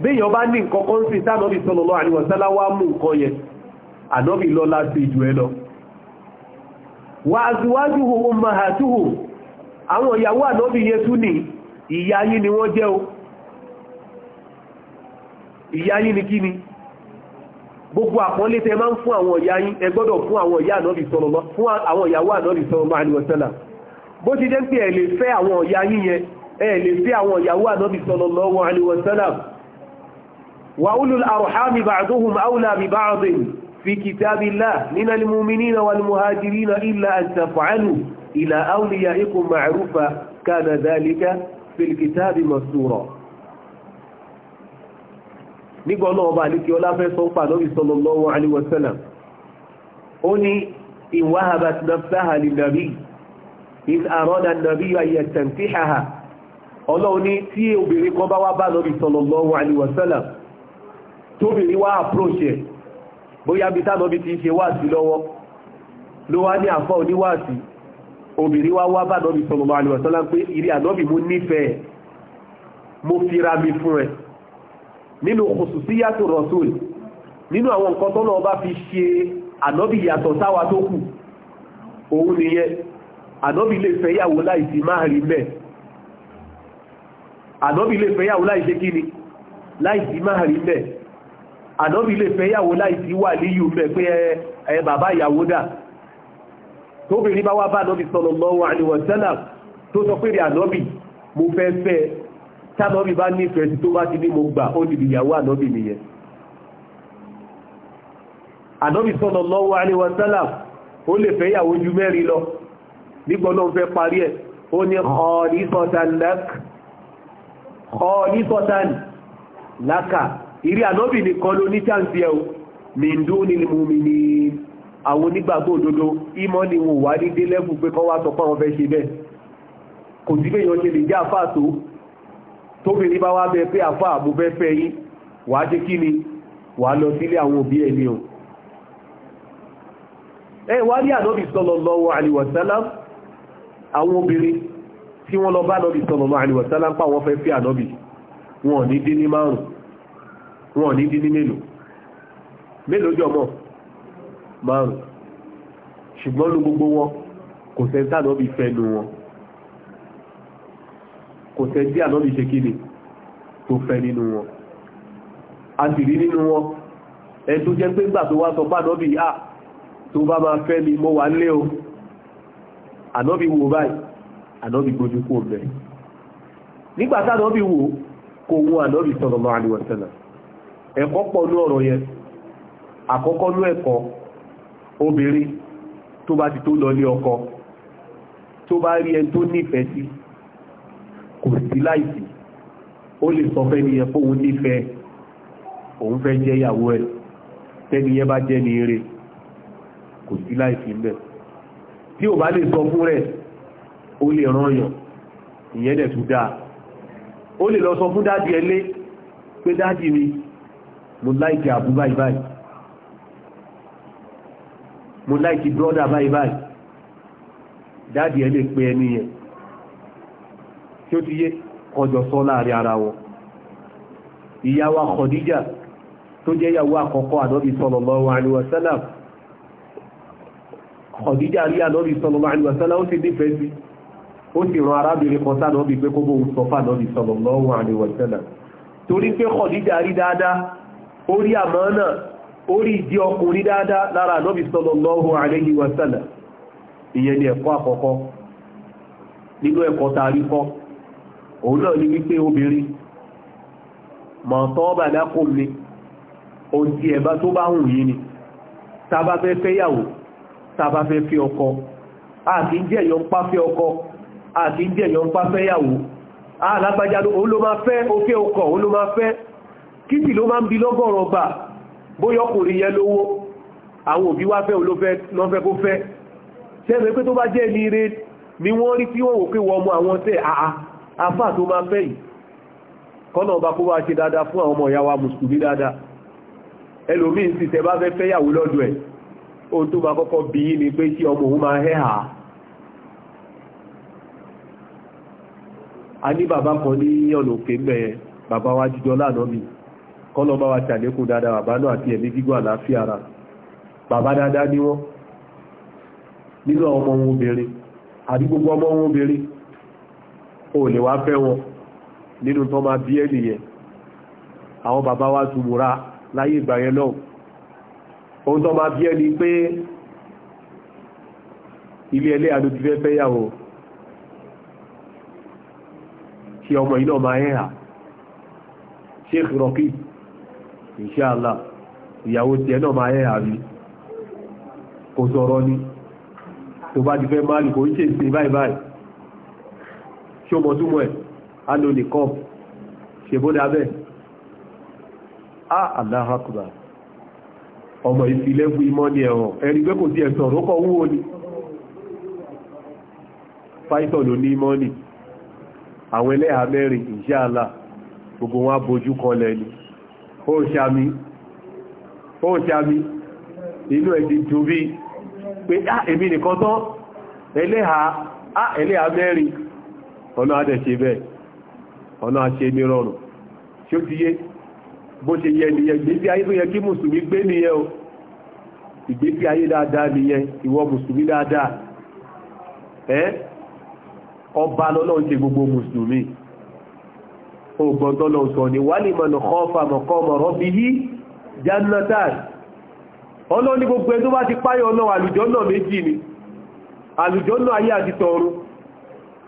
béèyàn bá ní nǹkan kan sí tánàbí sallallahu alaihi wá mú nǹkan yẹn ànábì lọ sí ìjù ẹ lọ wà azwajuhu ummahatuhu àwọn ìyàwó ànábì yẹn tún ní ìyá ni wọ́n jẹ́ o ni gbogbo àpọ́nlé tẹ máa ń fún àwọn ìyá yín fún àwọn ànábì bó ti jẹ́ pé lè fẹ́ وأولو الأرحام بعضهم أولى ببعض في كتاب الله من المؤمنين والمهاجرين إلا أن تفعلوا إلى أوليائكم معروفا كان ذلك في الكتاب مسطورا nígbà ọlọ́ọ̀bá àlíkí ọlá fẹ́ sọ ń pà lórí sallallahu alaihi wasallam ó ní in wahabat nafsaha linnabi in arada an-nabi an yastankihaha ọlọ́ọ̀ ní tí obìnrin kan bá wá bá lórí sallallahu alaihi wasallam tóbìnrin wá approach ẹ̀ bóyá bí tánà bí ti ṣe wáàsí lọ́wọ́ ló wá ní àfọ́ oníwáàsí obìnrin wá wá bá nọ́bí sọmọ máa lè wọ̀sánlá pé ìrí ànọ́bì mú nífẹ̀ẹ́ mo fira mi fún ẹ nínú khususiyatu rasul nínú àwọn nǹkan tọ́nà ọba fi ṣe ànọ́bì yàtọ̀ sáwa tó kù òun nìyẹn ànọ́bì lè fẹ́yàwó láìsí máhìrì mẹ́ ànọ́bì lè ànọ́bì lè fẹ́ yàwó láì sí wà líyù fẹ́ pé ẹ bàbá ìyàwó dà tóbìnrin bá wá bá ànọ́bì sallallahu alaihi wasallam tó sọ pé rí ànọ́bì mo fẹ́ fẹ́ tánọ́bì bá nífẹ̀ẹ́ sí tó bá ti ní mo gbà ó dìbì ìyàwó ànọ́bì nìyẹn ìrí ànábì nìkan ló ní chance ẹ̀ o mìndú ni mo ni àwọn onígbàgbọ́ òdodo ìmọ̀ ni wọn wà ní délẹ́fù pé kọ́ wá sọ pé àwọn fẹ́ ṣe bẹ́ẹ̀ kò sí bẹ́ẹ̀ yàn ṣe lè jẹ́ àfáà tó tóbìnrin bá wá bẹ pé àfáà mo fẹ́ fẹ́ yín wàá ṣe kí ni wàá lọ sílé àwọn òbí ẹni o ẹ wá rí ànábì sallallahu alaihi wasallam àwọn obìnrin tí wọ́n lọ bá ànábì sallallahu alaihi wasallam pàwọn fẹ́ fẹ́ ànábì wọn ò ní dín ní márùn-ún wọn ní dín ní mélòó mélòó jọ mọ́ márùn ṣùgbọ́n ní gbogbo wọn kò sẹ́ńtà náà bí fẹ́nu wọn kò sẹ́ńtì àná bí ṣe kíni tó fẹ́ nínú wọn a sì rí nínú wọn ẹni tó jẹ́ pé gbà tó wá sọ bá náà bí tó bá máa fẹ́ mi mo wà lé o ànábì wo báyìí ànábì gbójú kú ọ̀bẹ nígbà tá ànábì wo kò wọn ànábì sallallahu alaihi wasallam ẹ̀kọ́ pọ̀ ní ọ̀rọ̀ yẹn àkọ́kọ́ ní ẹ̀kọ́ obìnrin tó bá ti tó lọ ní ọkọ tó bá rí ẹni tó nífẹ̀ẹ́ sí kò sí láìsí ó lè sọ fẹ́ nìyẹn fóun nífẹ̀ẹ́ òun fẹ́ jẹ́ ìyàwó ẹ̀ tẹ́niyẹn bá jẹ́ ní eré kò sí láìsí mẹ́ tí ò bá lè sọ fún rẹ̀ ó lè rányàn ìyẹn dẹ̀ tún dáa ó lè lọ sọ fún dáàdì ẹlé pé dáàdì mi mo láìkì àbú báyìí báyìí mo láìkì brọ́dà báyìí báyìí dáàdì ẹ lè pe ẹni yẹn tí ó ti yé kọjọ sọ láàrin ara wọn ìyá wa Khadija tó jẹ́ ìyàwó àkọ́kọ́ ànábì sallallahu alaihi wasallam Khadija rí ànábì sallallahu alaihi wasallam ó sì nífẹ̀ẹ́ sí ó sì ran arábìnrin kan sánàbì pé kó bóun sọ fánàbì sallallahu alaihi wasallam torí pé Khadija rí dáadáa orí àmánà orí ìdí ọkùnrin dáadáa lára ànábì sallallahu alayhi wa sallam ìyẹn ni ẹ̀kọ́ àkọ́kọ́ nínú ẹ̀kọ́ tààrí kọ́ òun náà ni wípé obìnrin mọ̀tọ́ bàdá kò ní ohun tí ẹ̀bá tó bá hùn yìí ni tàbá fẹ́ fẹ́yàwó tàbá fẹ́ fẹ́ ọkọ àti ń jẹ́ yọ́n pá fẹ́ ọkọ àti ń jẹ́ yọ́n pá fẹ́yàwó alágbájá ló máa fẹ́ ó fẹ́ ó ló máa fẹ́ kìtì ló máa ń bi lọ́gọ́rọ̀ gbà bóyá ọkùnrin yẹn lówó àwọn òbí wá fẹ́ olófẹ́ kó fẹ́ sẹ́mi pé tó bá jẹ́ ní ire ni wọ́n rí tí wọ́n wò pé wọ́n mọ àwọn tẹ́ àá afá tó máa fẹ́ yìí kọ́nà ọba kó wá ṣe dáadáa fún àwọn ọmọ ìyá wa mùsùlùmí dáadáa ẹlòmíín sì tẹ́ bá fẹ́ fẹ́yàwó lọ́dọ̀ ẹ̀ ohun tó máa kọ́kọ́ bí yí ni pé kí ọmọ òun máa hẹ́hà a ní bàbá kan ní ọ̀nà òkè mẹ́ bàbá wa jíjọ lánàá mi kọ́lọ̀ bá wa ṣàlékún dáadáa bàbá náà àti ẹ̀mí gígùn àlàáfíà ara bàbá dáadáa ni wọ́n nínú àwọn ọmọ wọn obìnrin àbí gbogbo ọmọ wọn obìnrin ò lè wá fẹ́ wọn nínú tó máa bí ẹ̀lì yẹn àwọn bàbá wa túnmùra láyé ìgbà yẹn náà ohun tó máa bí ẹni pé ilé ẹlẹ́ àdó ti fẹ́ fẹ́yàwó kí ọmọ iná máa ẹ̀hà Sheikh Roqeeb inṣáàlá ìyàwó tiẹ̀ náà máa yẹ́ àrí kò sọ̀rọ̀ ni tó bá ti máa lù kò ń ṣe báyìí báyìí ṣé o ẹ̀ á ṣe bó dábẹ́ á Allahu Akbar ọmọ imọ́ ni ẹni pé kò sí ẹ̀sàn wúwo ni ni ó ṣàmì inú ẹ̀ ti jù bí pé á èmi nìkan tán ẹlẹ́ha á ẹlẹ́ha mẹ́rin ọ̀nà adẹ̀ṣe bẹ́ẹ̀ ọ̀nà àṣẹ ní rọrùn tí ó ti yé bó ṣe yẹ nìyẹn ìgbésí ayé tó yẹ kí mùsùlùmí gbé nìyẹn o ìgbésí ayé dáadáa nìyẹn ìwọ mùsùlùmí dáadáa ẹ́ ọba lọ́lọ́ ń ṣe gbogbo mùsùlùmí ògbọ́n tọ́lọ̀ sọ ni waliman khafa maqama rabbihi jannatan ọlọ́ni gbogbo ẹ̀ tó bá ti páyọ̀ náà àlùjọ́nà méjì ni àlùjọ́nà ayé àti tọ̀run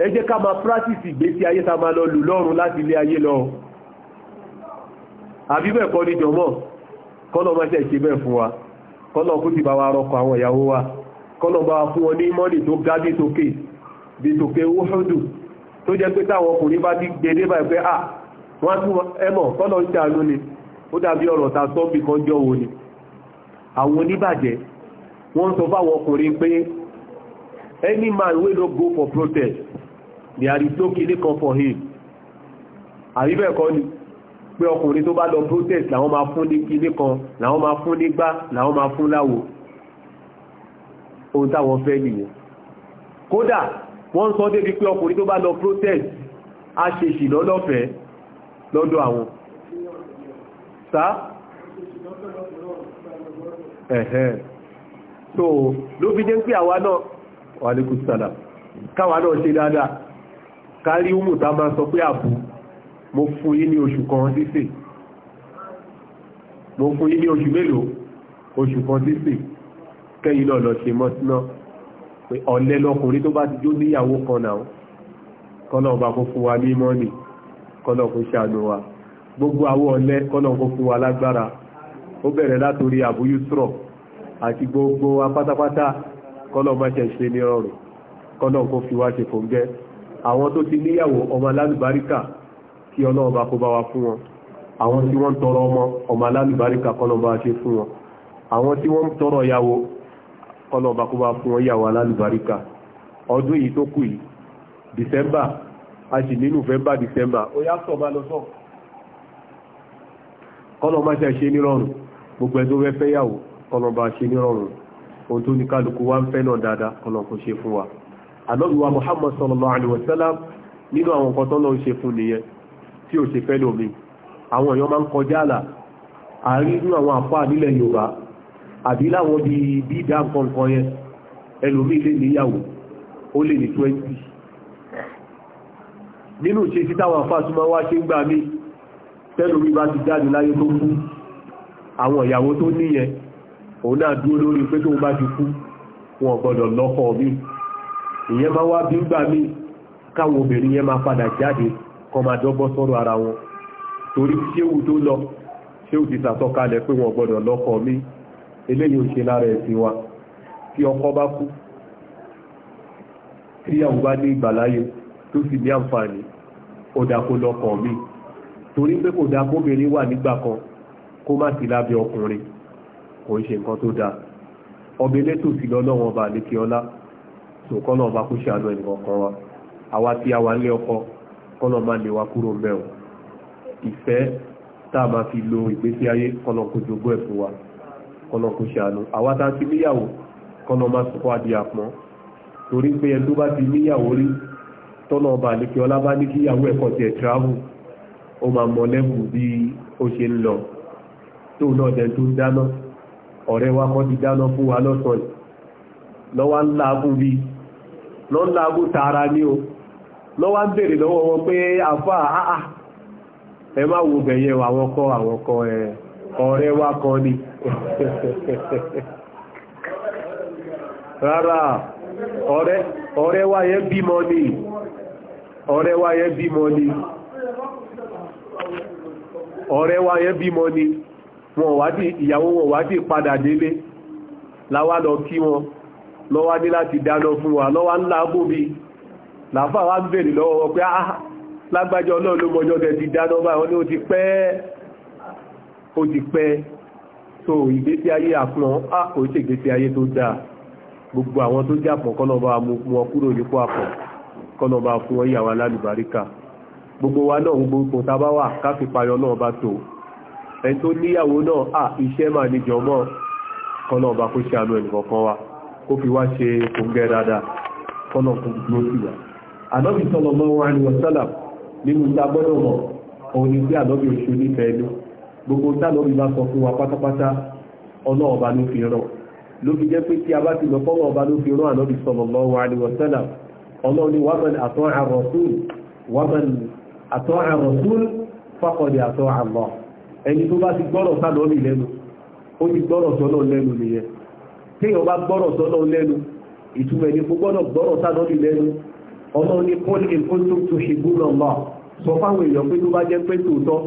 ẹ jẹ́ ká máa practice ìgbésí ayé ta máa lọ lù lọ́run láti ilé ayé lọ àbí bẹ́ẹ̀ kọ́ ni jọ̀mọ́ kọ́lọ̀ máa ṣe bẹ́ẹ̀ fún wa kọ́lọ̀ kú ti bá wa rọkọ̀ àwọn ìyàwó wa kọ́lọ̀ bá wa fún wọn ní mọ́nì tó ga bí tòkè bí tòkè wúhùdù tó jẹ́ pé táwọn ọkùnrin bá ti gbé dé pé ah wọ́n tún ẹmọ̀ tọ́lọ ń ṣàánú ni ó dàbí ọ̀rọ̀ ta sọ́ọ̀bì kan jọ wo ni àwọn oníbàjẹ́ wọ́n ń sọ fáwọn ọkùnrin pé any man wey no go for protest there is no kini kan for him àríbẹ̀kọ́ ni pé ọkùnrin tó bá lọ protest làwọn máa fún ní kini kan làwọn máa fún nígbà làwọn máa fún láwo ohun táwọn fẹ́ nìyẹn kódà wọ́n ń sọ débi pé ọkùnrin tó bá lọ protest a ṣe ìṣìlọ́lọ́fẹ̀ẹ́ lọ́dọ̀ àwọn sá ẹ̀hẹ́n so ló fi jẹ́ pé àwa náà wà ní kùsànà káwa náà ṣe dáadáa kárí umu ta máa sọ pé àbú mo fún yí ní oṣù kan sísè mo fún yí ní oṣù mélòó oṣù kan sísè kẹ́yìn náà lọ ṣe mọ́síná pé ọ̀lẹ́ lọkùnrin tó bá ti jó níyàwó kan náà kọ́nà ọba kó fún wa ní mọ́nì kọ́nà kó ṣàánú wa gbogbo àwọn ọ̀lẹ kọ́nà kó fún wa lágbára ó bẹ̀rẹ̀ látòrí Abu Yusra àti gbogbo apátápátá kọ́nà má ṣe ṣe ní rọrùn kọ́nà kó fi wá ṣe fòǹgẹ́ àwọn tó ti níyàwó ọmọ alálùbáríkà kí ọlọ́run bá kó bá wa fún wọn àwọn tí wọ́n ń tọrọ ọmọ ọmọ alálùbáríkà kọ́nà bá ṣe fún wọn àwọn tí wọ́n tọrọ ìyàwó kọ́nà kó bá fún wọn ìyàwó alálùbáríkà ọdún yìí tó kù yìí December a sì ní november december ó yá sọ bá lọ sọ kọ́nà má ṣe ṣe nírọ̀rùn gbogbo ẹ̀ tó fẹ́ fẹ́ yàwó kọ́nà bá ṣe nírọ̀rùn ohun tó ní kálukú wá ń fẹ́ náà dáadáa kọ́nà ṣe fún wa alọ́lùwà muhammad sallallahu alaihi wasallam nínú àwọn nǹkan tó lọ́n ṣe fún nìyẹn tí ò ṣe fẹ́ lómi àwọn èèyàn máa ń kọjá àlà àárín inú àwọn àpá nílẹ̀ yorùbá àbí láwọn bíi bídá nǹkan kan yẹn ẹlòmíì lè níyàwó ó lè ní twenty nínú ṣe sí táwọn àfáàsúmọ́ wá ṣe ń gbà mí tẹ́lú rí bá ti jáde láyé tó kú àwọn ìyàwó tó níyẹn òun náà dúró lórí pé tó bá ti kú wọn gbọ́dọ̀ lọ́kọ mi ìyẹn máa wá bí ń gbà mí káwọn obìnrin yẹn máa padà jáde kan máa dọ́gbọ́ sọ́rọ̀ ara wọn torí ṣéwù tó lọ ṣéwù ti sàtọ́kalẹ̀ pé wọn gbọ́dọ̀ lọ́kọ mi eléyìí ò ṣe lára ẹ̀sìn wa tí ọkọ bá kú tíyàwó bá ní ìgbàláyé tó sì ní àǹfààní ó dá kó lọ́kàn mi torí pé kò dá kóbìnrin wà nígbà kan kó má sí lábẹ́ ọkùnrin kò ń ṣe nǹkan tó dáa ọba elétò sí lọ́lọ́wọ́n ọba àlékè ọlá tòkọ́ náà bá kó ṣàánú ẹnìkan kan wa àwa tí a wà nílé ọkọ kọ́nà máa lè wa kúrò mẹ́ọ̀ ìfẹ́ tá a máa fi lo ìgbésí ayé kọ́nà kó jogún ẹ̀ fún wa kọ́nà kó ṣàánú àwa tá a ti níyàwó kọ́nà máa sọkọ́ adìyà pọ́n torí pé ẹni tó bá ti níyàwó rí tọ́nà ọba àlékí ọlá bá ní kíyàwó ẹ̀kọ́ ti ẹ̀ travel ó máa mọ lẹ́bù bí ó ṣe ń lọ tó náà dẹ̀ tó dáná ọ̀rẹ́ wa kọ́ ti dáná fún wa lọ́sàn yìí lọ́wọ́ ń bí lọ́ ń làágùn tààrà ní o lọ́wọ́ ń lọ́wọ́ wọn pé àfà ẹ má wo bẹ̀yẹ àwọn wa kọ́ ni rárá ọ̀rẹ́ ọ̀rẹ́ wa yẹn bímọ ni ọ̀rẹ́ wa yẹn bímọ ni ọ̀rẹ́ wọn wá dì ìyàwó wọn wá dì padà délé láwá lọ kí wọn lọ́wá ní láti dáná fún wa lọ́wá ńlá bóbi làáfà wá ń bèèrè lọ́wọ́ pé á ah, lágbàjọ́ náà ló mọjọ́ tẹ́ ti dáná wọn ni ó ti pẹ́ gbogbo àwọn tó jàpọ̀ kọ́nọba mú wọn kúrò nípò àpọ̀ kọ́nọba fún wọn yàwó alálùbáríkà gbogbo wa náà gbogbo tá bá wà káfí payọ náà bá tó ẹni tó níyàwó náà à iṣẹ́ mà níjọ mọ́ kọ́nọba kó ṣe àánú ẹnìkọ̀ọ̀kan wa kó fi wá ṣe kòǹgẹ́ dáadáa kọ́nọ̀ kò dúró sí wa ànábì sallallahu alaihi wasallam nínú tá gbọ́dọ̀ mọ̀ òun ni pé ànábì òṣèlú nífẹ̀ẹ́ ní gbogbo tá ànábì bá sọ fún wa pátápátá ọlọ́ọ̀ba ló fi ràn ló fi jẹ́ pé tí a bá ti lọ fọ́wọ́ ọba ló fi rán ànábì sallallahu alaihi wasallam ọlọ́run ni wàmán àtọ́ àrọ̀sùn wàmán àtọ́ àrọ̀sùn faqad àtọ́ àlọ́ ẹni tó bá ti gbọ́rọ̀ sánọ́bì lẹ́nu ó ti gbọ́rọ̀ sọ́nà lẹ́nu nìyẹn téèyàn bá gbọ́rọ̀ sọ́nà lẹ́nu ìtumọ̀ ni gbọ́dọ̀ gbọ́rọ̀ sánọ́bì lẹ́nu ọlọ́run ni qul in kuntum tuhibbuna Allah sọ fáwọn èèyàn pé tó bá jẹ́ pé tòótọ́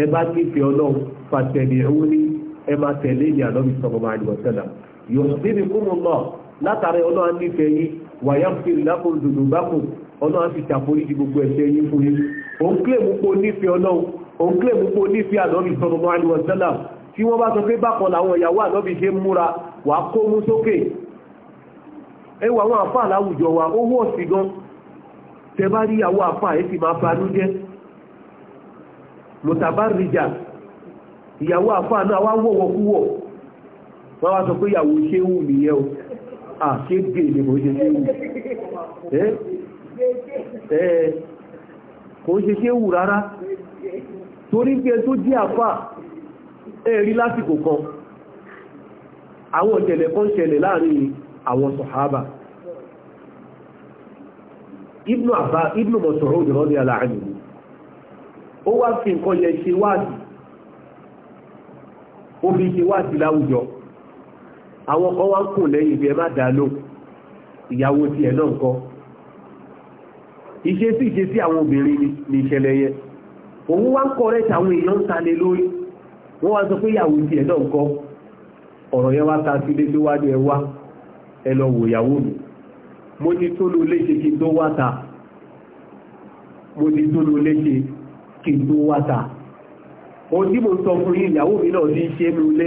ẹ bá nífẹ̀ẹ́ ọlọ́run fàtẹ̀lẹ̀ òun ni ẹ máa tẹ̀lé ìyá ànábì sallallahu yuhibbukumullah látàrí ọlọ́run nífẹ̀ẹ́ yín wa yaghfir lakum dhunubakum ọlọ́run ti ṣàforíjì gbogbo ẹ̀ṣẹ̀ yín fún yín òun kílè mú pé onífẹ́ ọlọ́run òun kílè mú pé onífẹ́ ànọ́bì sallallahu alaihi wasallam tí wọ́n bá sọ pé bákan làwọn ìyàwó ànọ́bì ṣe ń múra wàá kó mú sókè ẹwà àwọn àfà láwùjọ wa ó wọ́ sí gan wọ́n wá sọ pé ìyàwó ṣe wù nìyẹn o à ṣe gbè ní kò ṣe ṣe wù kò ṣe ṣe wù rárá torí pé tó jí àfà ẹ̀rí lásìkò kan àwọn ọ̀tẹ̀lẹ̀ kan ṣẹlẹ̀ láàrin àwọn sọ̀hábà ibnu àbá ibnu mọ̀sọ̀rọ̀ òdìrọ̀ ní aláàrin ó wá fi nǹkan yẹ ṣe wáàdì ó fi ṣe wáàdì láwùjọ àwọn kan wá ń kùn lẹ́yìn ibi ẹ má dá lò ìyàwó tiẹ̀ náà kọ́ ìṣesí ìṣesí àwọn obìnrin ni ìṣẹ̀lẹ̀ yẹn òun wá ń kọ́rẹ́tì àwọn èèyàn ń ta lé lórí wọ́n wá sọ pé ìyàwó tiẹ̀ náà kọ́ ọ̀rọ̀ yẹn wá ta sí ilé tó wá ní ẹ wá ẹ lọ wò ìyàwó mi mo ti tó ló léṣe kí n tó wá ta mo ti tó ló léṣe kí n tó wá ta ohun tí mo sọ fún yín ìyàwó mi náà ti ṣe é mi lé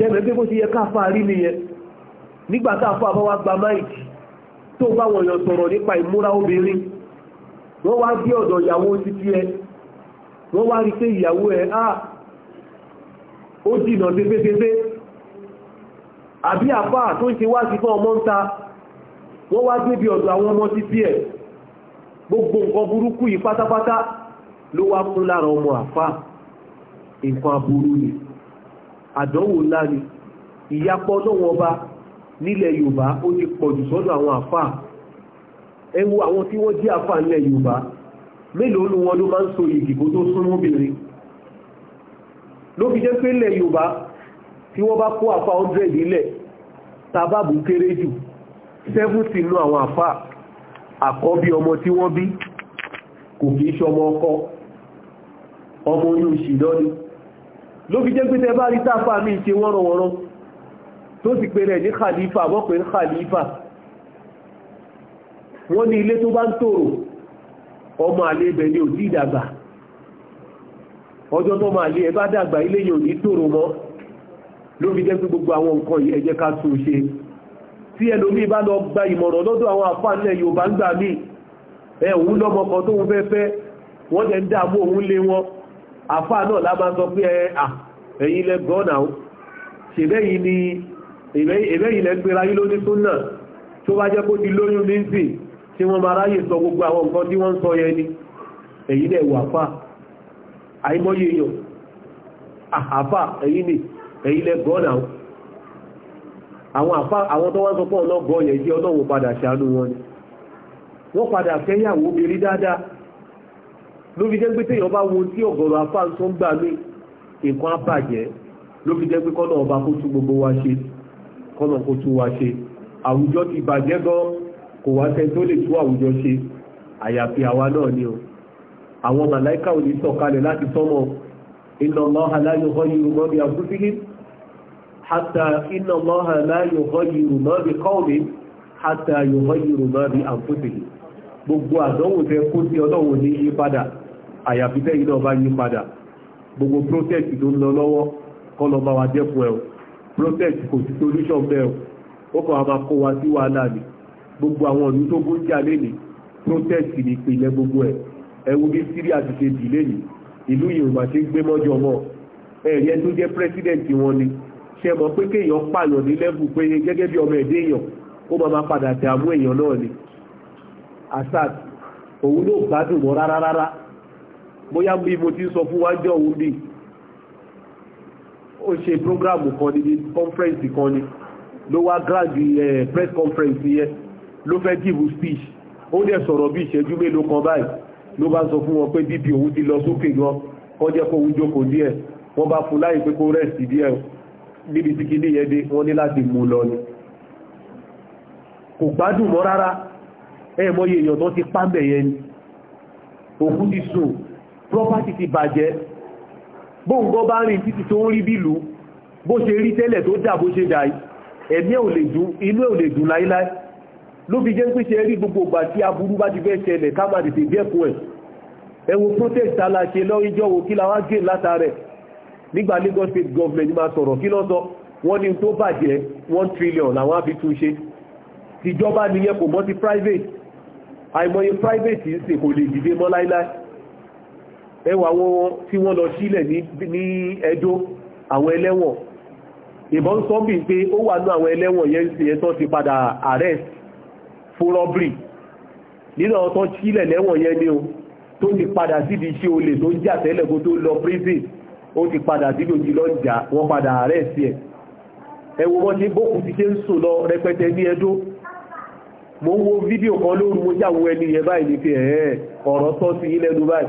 tẹ́mẹ̀ pé bó ti yẹ káfà rí nìyẹn nígbà táfà bá wá gba máìkì tó bá wọ̀nyàn sọ̀rọ̀ nípa ìmúra obìnrin wọ́n wá dé ọ̀dọ̀ ìyàwó títí ẹ wọ́n wá rí pé ìyàwó ẹ á ó jìnà pépépépé àbí àfà tó ń ṣe wá sí fún ọmọ ń ta wọ́n wá débi ọ̀dọ̀ àwọn ọmọ títí ẹ gbogbo nǹkan burúkú yìí pátápátá ló wá kún lára ọmọ àfà nǹkan aburú yìí àdánwò ńlá ni ìyapọ̀ ọlọ́wọ́n ọba nílẹ̀ yorùbá ó ti pọ̀jù sọ́dọ̀ àwọn àfáà ẹ wo àwọn tí wọ́n jẹ́ àfáà nílẹ̀ yorùbá mélòó nu wọn ló máa ń so yìgì kó tó súnmọ́ obìnrin ló fi jẹ́ pé nílẹ̀ yorùbá tí wọ́n bá kó àfáà hundred nílẹ̀ tábàbù kéré jù seventy nu àwọn àfáà àkọ́bí ọmọ tí wọ́n bí kò kì í ṣọmọ ọkọ ọmọ oyún ìṣìdọ́ni ló fi jẹ́ pé tẹ bá rí táfà mi ṣe wọ́nrọ̀wọ́nrọ̀ tó sì pé ní khalifa wọ́n pè khalifa wọ́n ní ilé tó bá ń tòrò ọmọ àlè ibẹ̀ ni ò tí ìdàgbà ọjọ́ tó máa lé ẹ bá dàgbà ilé yìí ò ní tòrò mọ́ ló fi jẹ́ pé gbogbo àwọn nǹkan yìí ẹ jẹ́ ká tún ṣe tí ẹlòmí bá lọ gba ìmọ̀ràn lọ́dọ̀ àwọn àfáàlẹ̀ Yorùbá ń gbà mí ẹ̀ òun lọ́mọ tóun fẹ́ fẹ́ wọ́n jẹ́ ń dààmú òun lé wọn àfà náà lábá sọ pé eh, ah, ẹ̀yìn ilẹ̀ gọ́ọ̀nà ṣèbẹ́yìn ilẹ̀ gbéra yí lóní súnà tó bá jẹ́ kó ti lóyún ní sí tí wọ́n máa ráyè sọ gbogbo àwọn nǹkan tí wọ́n ń sọ yẹn ni èyí lẹ̀ wà fà àìmọ́yé èèyàn ah, àfà èyí ni èyí lẹ gọ́ọ̀nà àwọn àfà àwọn tó wá sọ pọ̀ náà gọ́ọ̀yẹ̀ jẹ́ ọlọ́run padà ṣàánú wọn ni wọ́n padà fẹ́yàwó obìnrin dáadáa ló fi jẹ́ pé téèyàn bá wo tí ọ̀gọ̀rọ̀ afá ń sọ ń gbà mí nǹkan á bàjẹ́ ló fi jẹ́ pé kọ́nà ọba kó tún gbogbo wa ṣe kọ́nà kó tún wa ṣe àwùjọ ti bàjẹ́ gan kò wá sẹ́ni tó lè tún àwùjọ ṣe àyàfi àwa náà ni o àwọn màláìka ò ní sọ̀kalẹ̀ láti sọ́mọ inna Allaha la yughayyiru ma bi anfusihim hatta inna Allaha la yughayyiru ma bi qawmin hatta yughayyiru ma bi anfusihim gbogbo àdánwò tẹ kó sí ọlọ́wọ́ ní yí padà àyàfi tẹ́yìn náà bá yí padà gbogbo protest tó ń lọ lọ́wọ́ kọ́ lọ bá wa dẹ́kun ẹ̀ o protest kò sí solution bẹ́ẹ̀ o ó kàn á máa kó wa sí wàhálà ni gbogbo àwọn ìlú tó gún jà lẹ́nìí protest ní ìpìlẹ̀ gbogbo ẹ̀ ẹ̀wù bí Syria ti ṣe dì lẹ́nìí ìlú Yorùbá ṣe ń gbé mọ́jọ mọ́ ẹ̀yẹ tó jẹ́ president wọn ni ṣe mọ̀ pé kéèyàn pààyàn ní lẹ́bù pé gẹ́gẹ́ bí ọmọ ẹ̀dẹ́ èèyàn ó máa máa padà dààmú èèyàn náà ni Assad òun ló gbádùn mọ́ rárá rárá bóyá bí mo ti sọ fún wájọ́ òun bí ó ṣe program kan ní conference kan ni ló wá gráàdì press conference yẹn ló fẹ́ give speech ó dẹ̀ sọ̀rọ̀ bí ìṣẹ́jú mélòó kan báyìí ló bá sọ fún wọn pé dp òun ti lọ sókè gan wọ́n jẹ́ kó òun jókòó díẹ̀ wọ́n bá fún láì pé kó rest díẹ̀ níbi tí kìíní yẹn dé wọ́n ní láti mú lọ ni kò gbádùn mọ́ rárá ẹ̀mọ́ yẹn èèyàn tó ti pàmbẹ̀ yẹn ni òkú ti sùn property ti bàjẹ́ bóǹgọ́ bá rìn títí tó ń rí bílù bó ṣe rí tẹ́lẹ̀ tó dà bó ṣe dà ẹ̀mí ò lè dùn inú ò lè dùn láíláí ló fi jẹ́ pé ṣe rí gbogbo ìgbà tí aburú bá ti fẹ́ ṣẹlẹ̀ ká máa tètè dẹ́kun ẹ̀ ẹ wo protest aláṣẹ lọ́ríjọ́ wo kí la wá gé látàrẹ̀ nígbà Lagos state government máa sọ̀rọ̀ kí lọ́sọ wọ́n ní tó bàjẹ́ one trillion làwọn á fi tún ṣe tìjọba nìyẹn kò mọ́ ti private àìmọye private yìí ṣe kò lè dìde mọ́ láíláí ẹwà wọn tí wọ́n lọ sílẹ̀ ní ẹjọ́ àwọn ẹlẹ́wọ̀n ìbọn sọ bí pé ó wà ní àwọn ẹlẹ́wọ̀n yẹn sí ẹ̀tọ́ ti padà arrest fún robbery nínú ọ̀tọ́ sílẹ̀ lẹ́wọ̀n yẹn ni o tó ti padà síbi iṣẹ́ olè tó ń jà tẹ́lẹ̀ kó tó lọ prison ó ti padà síbi òjì lọ jà wọ́n padà arrest ẹ̀ ẹwọ wọn ní bókù ti ṣe ń sùn lọ rẹpẹtẹ ní ẹjọ́ mo ń wo fídíò kan lóru mo jáwọ ẹni yẹn báyìí ní pé ẹ̀ẹ́ ọ̀rọ̀ tọ́ sí ilẹ̀ dubai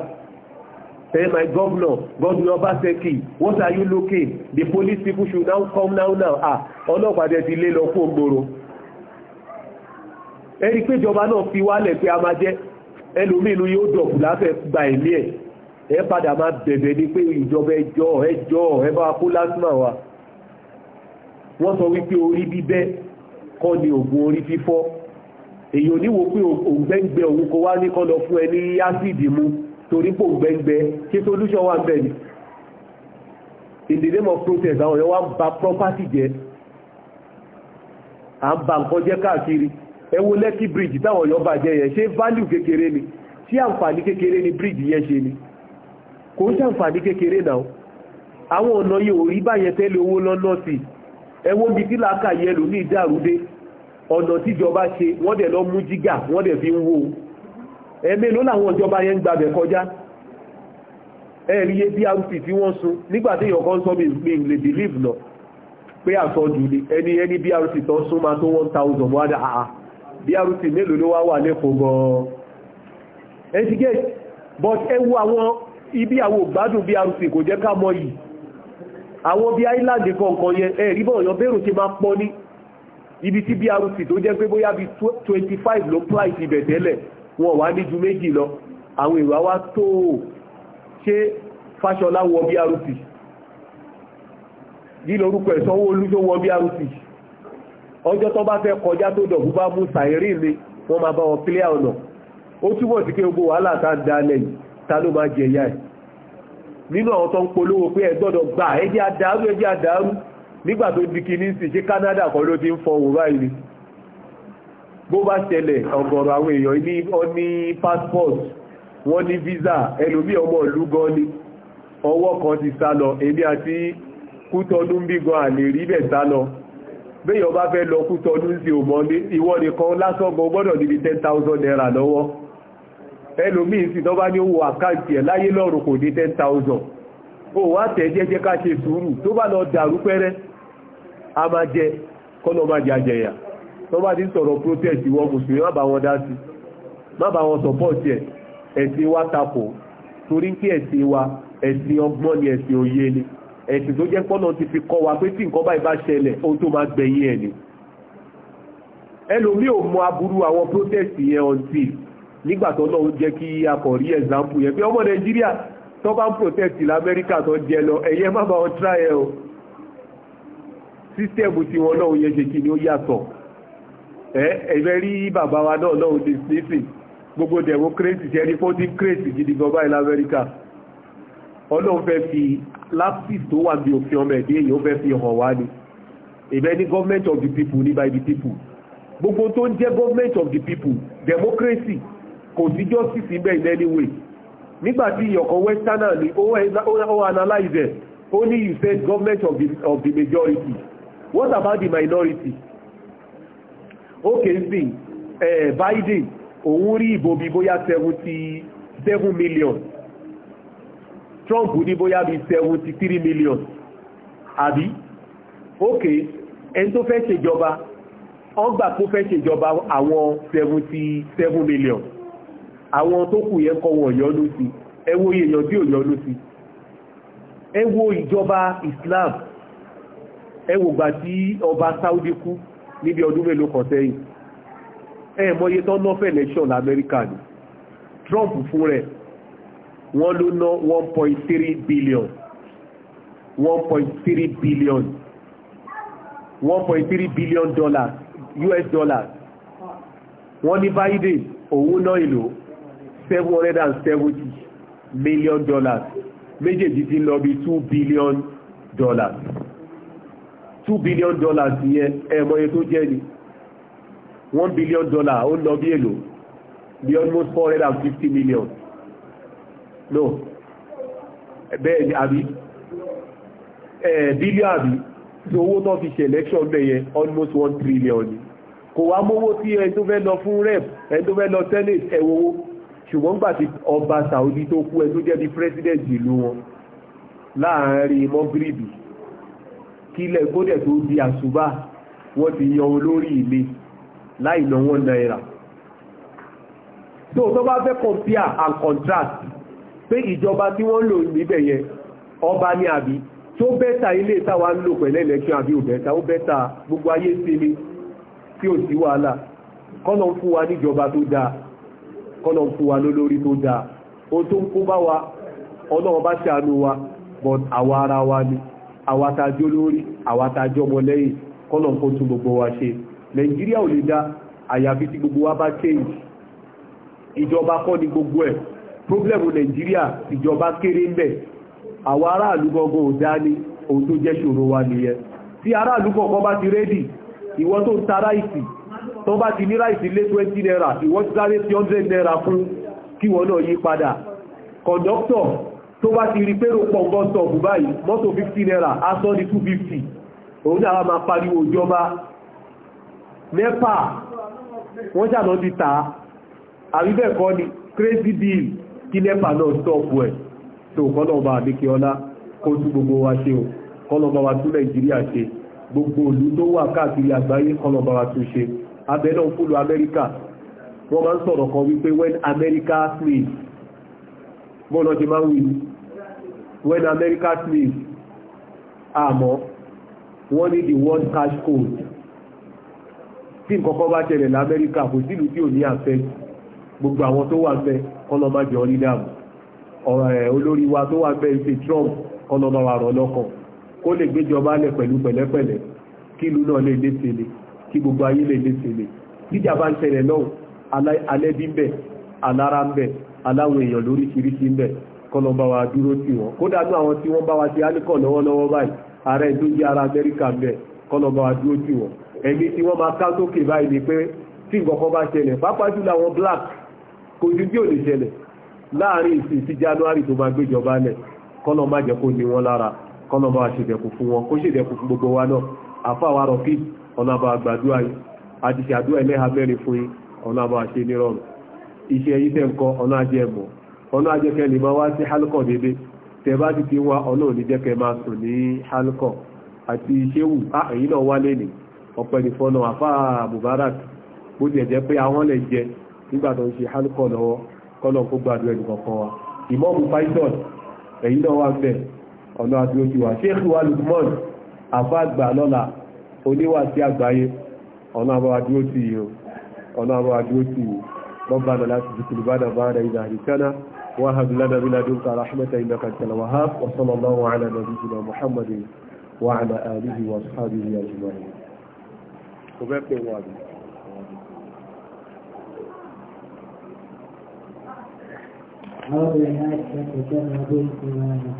Say my governor, Governor Obaseki, what are you looking? The police people should now come now now. Ah, ọlọ́pàá dẹ̀ ti lé lọ fún ògbòrò. Ẹni pé ìjọba náà fi wálẹ̀ pé a máa jẹ́ ẹlòmínú yóò dọ̀kù láfẹ́ gba ẹ̀mí ẹ̀. Ẹ padà máa bẹ̀bẹ̀ ni pé ìjọba ẹjọ́ ẹjọ́ ẹ bá kó lásìmà wa. Wọ́n sọ wípé orí bíbẹ́ kọ́ ni oògùn orí fífọ́. Èyí ò ní wo pé òǹgbẹ́ǹgbẹ́ òun kò wá ní kọ́ lọ fún ẹ ásìdì mu torí pò gbẹ́gbẹ́ kí solution wà bẹ́ẹ̀ in the name of protest àwọn èèyàn wá ń ba property jẹ́ à ń ba nǹkan jẹ́ káàkiri ẹ wo Lekki bridge táwọn èèyàn bàjẹ́ yẹn ṣé value kékeré ni ṣé àǹfààní kékeré ni bridge yẹn ṣe ni kò ń ṣàǹfààní kékeré náà àwọn ọ̀nà yìí ò rí báyẹn tẹ́lẹ̀ owó lọ́nà sí ẹ wo bí tí làákàyè ẹlòmíì dàrú dé ọ̀nà tíjọba ṣe wọ́n dẹ̀ lọ mú jígà wọ́n dẹ̀ fi ń wó o ẹ̀mẹ́ ló láwọn ìjọba yẹn ń gbàbẹ̀ kọjá ẹ̀ríye brt tí wọ́n sun nígbàtí èèyàn kan sọ mi lè believe lọ pé àsọjù ni ẹni ẹni brt tó sún máa tó 1000 wádà àà brt mélòó ló wá wà lẹ́kọ̀ọ́ gan-an ẹ̀sìgẹ́ but ẹ wo àwọn ibi àwọn ògbádùn brt kò jẹ́ ká mọ yìí àwọn bí island kọ̀ọ̀kan yẹn ẹ̀rí bọ̀ ọ̀yàn bẹ̀rù ti máa pọ̀ ní tí brt tó jẹ́ pé bóyá bí 25 ló price ibẹ̀ tẹ́lẹ̀ wọn wá ní ju méjì lọ àwọn èrò àwa tó ṣe fáṣọlá wọ BRT yí lórúkọ ẹ̀ Sanwó-Olú tó wọ ọjọ́ tó bá fẹ́ kọjá tó dọ̀bú bá mú sàírí ni wọ́n máa bá wọn kílẹ̀ ọ̀nà ó túbọ̀ sí pé gbogbo wàhálà tá ń dalẹ̀ yìí ta ló máa jẹ ìyá ẹ̀ nínú àwọn tó ń polówó pé ẹ gbọ́dọ̀ gbà ẹ jẹ́ àdàrú ẹ jẹ́ àdàrú nígbà tó di kí ní sì ṣe Canada kan ló ti ń fọ òwúrọ̀ yìí bó bá ṣẹlẹ̀ ọ̀gọ̀rọ̀ àwọn èèyàn ní passport wọ́n ní visa ẹlòmí ọmọ ìlú gan ni ọwọ́ kan ti sá lọ èmi àti kútọdún bí gan àlè rí bẹ̀ sá lọ béèyàn bá fẹ́ lọ kútọdún sí òmọ́ ní ìwọ nìkan lásọ̀gbọ̀n gbọ́dọ̀ níbi 10,000 naira lọ́wọ́ ẹlòmí sì bá ní owó àkáǹtì ẹ̀ láyé lọ́rùn kò ní ó wá tẹ̀ jẹ́jẹ́ ká ṣe sùúrù tó bá lọ dàrú pẹ́rẹ́ a máa jẹ máa tó bá ti sọ̀rọ̀ protest ìwọ mùsùlùmí má bá wọn dá sí má bá wọn support ẹ̀ ẹ̀sìn wa takò torí pé ẹ̀sìn wa ẹ̀sìn ọgbọ́n ni ẹ̀sìn òye ni ẹ̀sìn tó jẹ́ pọ́nà ti fi kọ́ wa pé tí nǹkan báyìí bá ṣẹlẹ̀ ohun tó máa gbẹ̀yìn ẹ̀ ni ẹlòmí ò mọ aburú àwọn protest yẹn ọ̀ntì nígbà tó náà ń jẹ́ kí akọ̀rí ẹ̀zámpù yẹn pé ọmọ nàìjíríà tó bá ń protest lamẹ́ríkà tó jẹ lọ ẹ̀yẹ má bá wọn try ẹ o sísítẹ́ẹ̀mù tiwọn náà yẹn ṣe kí ni ó yàtọ̀ ẹ̀ẹ́fẹ́ rí bàbá wa náà náà ní sínsìn gbogbo democracy ṣe rí fourteen crate gidi gan báyìí lamẹ́ríkà ọlọ́run fẹ́ fi lapsis tó wà bí òfin ọmọ ẹ̀dẹ́ èyí ó fẹ́ fi hàn wá ni ìbẹ́ ní government of the people ní by the people gbogbo tó ń jẹ́ government of the people democracy kò sí justice ibẹ̀ in any way nígbàtí ìyọ̀kan westerner ni ó analyze it ó ní you said government of the, of the majority what about the minority okay sí eh, Biden òun rí ìbò bí bóyá 77 million Trump ní bóyá bí 73 million àbí okay ẹni tó fẹ́ ṣèjọba ọgbà tó fẹ́ ṣèjọba àwọn 77 million àwọn tó kù yẹn kọ́ wọn yọ́nú sí ẹ wo èèyàn tí ò yọ́nú sí ẹ wo ìjọba Islam ẹ wògbà tí ọba Saudi kú níbi ọdún mélòó kan sẹ́yìn ẹ mọye tán ná fẹ́ election lamẹ́ríkà ni Trump fún rẹ̀ wọ́n ló ná one billion 1,3 billion 1,3 billion dollars US dollars wọ́n ní Biden òun ná ìlò seven hundred million dollars méjèèjì ti lọ bí 2 billion dollars two billion dollars yẹn ẹ̀mọye tó jẹ́ ni one billion dollar ó lọ bí èlò bí almost four hundred fifty million no bẹ́ẹ̀ ni àbí billion. àbí tí owó náà fi ṣe election bẹ̀yẹ almost one trillion ni kò wá mówó tí ẹni tó fẹ́ lọ fún rep ẹni tó fẹ́ lọ senate ẹ̀wọ̀wó ṣùgbọ́n gbà tí ọba Saudi tó kú ẹni tó jẹ́ bí president ìlú wọn láàárín mọ́gírìbì kílẹ̀ kódẹ̀ tó di asuba wọ́n ti yan olórí ilé láì ná wọn náírà tó tó bá fẹ́ compare and contrast pé ìjọba tí wọ́n lò níbẹ̀ yẹn ọba ní àbí tó bẹ́ta ilé táwa ń lò pẹ̀lẹ́ election àbí ò bẹ́ta ó bẹ́ta gbogbo ayé sílé tí ò sí wàhálà kọ́nà ń fún wa níjọba tó dáa kọ́nà ń fún wa lólórí tó dáa ó tó ń kó bá wa ọlọ́run bá ṣàánú wa but àwa ara wa ni àwàtàjọ́ lórí àwàtàjọ́ ọmọ lẹ́yìn kọ́nà kó tún gbogbo wa ṣe nàìjíríà ò lè dá àyàfi tí gbogbo wa bá change ìjọba kọ́ ni gbogbo ẹ̀ problem nàìjíríà ìjọba kéré ń bẹ̀ àwọn aráàlú gangan ò dá ní ohun tó jẹ́ ṣòro wa nìyẹn tí aráàlú kọ̀ọ̀kan bá ti rédì ìwọ tó ta ráìsì tó bá ti ní ráìsì lé 20 naira ìwọ ti sáré 300 naira fún kí wọn náà yí padà kọ̀dọ́kítọ̀ tó bá ti rí pérò pọ̀ bọ́ sọ̀bù báyìí mọ́tò 50 naira aṣọ ní 250 òun náà wá máa pariwo ìjọba nepa wọ́n ṣàná ti ta àríbẹ̀kọ́ ni crazy deal kí nepa náà stọ́ọ̀pù ẹ̀ tó kọ́lọ̀ọ̀bà àdékẹ́ ọlá kó tún gbogbo wa ṣe o kọ́lọ̀ọ̀bà wa tún nàìjíríà ṣe gbogbo òlú tó wà káàkiri àgbáyé kọ́lọ̀ọ̀bà wa tún ṣe abẹ́ náà fúlù amẹ́ríkà wọ́n máa ń sọ̀rọ̀ kan wípé when america sleeps bọ́ọ̀lọ́ ti máa ń wí when America slaves amọ wọn need the world cash code tí nǹkankan bá ṣẹlẹ̀ lamẹ́ríkà kò sílùú tí ò ní àfẹ́ gbogbo àwọn tó wà fẹ́ olórí wa tó wà fẹ́ ṣe Trump kọ́nọ́máwà rọ̀ lọ́kàn kó lè gbéjọba lẹ̀ pẹ̀lú pẹlẹpẹlẹ kí ìlú náà lè gbogbo ayé lè bá ń ṣẹlẹ̀ lọ́wọ́ alẹ́bí ń bẹ alára ń bẹ kọ́lọ́ bá wa dúró tì wọ́n kódà ní àwọn tí wọ́n bá wa ti alikọ̀ lọ́wọ́lọ́wọ́ báyìí ààrẹ tó jẹ́ ara amẹ́ríkà bẹ́ẹ̀ kọ́lọ́ bá wa dúró tì wọ́n ẹ̀mí tí wọ́n máa ká sókè báyìí ni pé tí nǹkan bá ṣẹlẹ̀ pàápàá jùlọ black kò ju bí ò lè ṣẹlẹ̀ láàrin ìsìn sí january tó máa gbéjọba lẹ̀ kọ́lọ́ má jẹ́ kó ní wọn lára kọ́lọ́ bá wa ṣèdẹ̀kù fún wọn kó ṣèdẹ̀kù fún gbogbo wa náà àfáwà rọ̀kì ọ̀nà àbá àgbàdúrà yìí àti ṣàdúrà ẹlẹ́hàmẹ́rin fún yín ọ̀nà àbá àṣẹ nírọ̀rùn iṣẹ́ yìí tẹ́ ń kọ́ ọ̀nà àjẹmọ̀ ọ̀nà ajẹ́kẹ́ lè máa wá sí hálùkọ̀ dédé tẹ bá ti ti wá ọ̀nà oníjẹ́kẹ́ máa sùn ní hálùkọ̀ àti ṣéwù àyí náà wá lè ní ọ̀pẹ́ ní fọ́nà àfá Mubarak bó ti ẹ̀jẹ́ pé àwọn lè jẹ nígbà tó ń ṣe hálùkọ̀ lọ́wọ́ kọ́lọ̀ kó gbàdúrà ẹnì kọ̀ọ̀kan wa ìmọ̀mù python èyí náà wá bẹ̀ ọ̀nà àdúró ti wà Sheikh wa Lukman àfá àgbà lọ́la oníwà sí àgbáyé ọ̀nà àbáwá dúró ti yìí ọ̀nà àbáwá dúró ti yìí ربنا لا تزغ قلوبنا بعد إذ هديتنا وهب لنا من لدنك رحمة إنك أنت الوهاب وصلى الله على نبينا محمد وعلى آله وأصحابه أجمعين. Roberto Wadi. هؤلاء الإيمان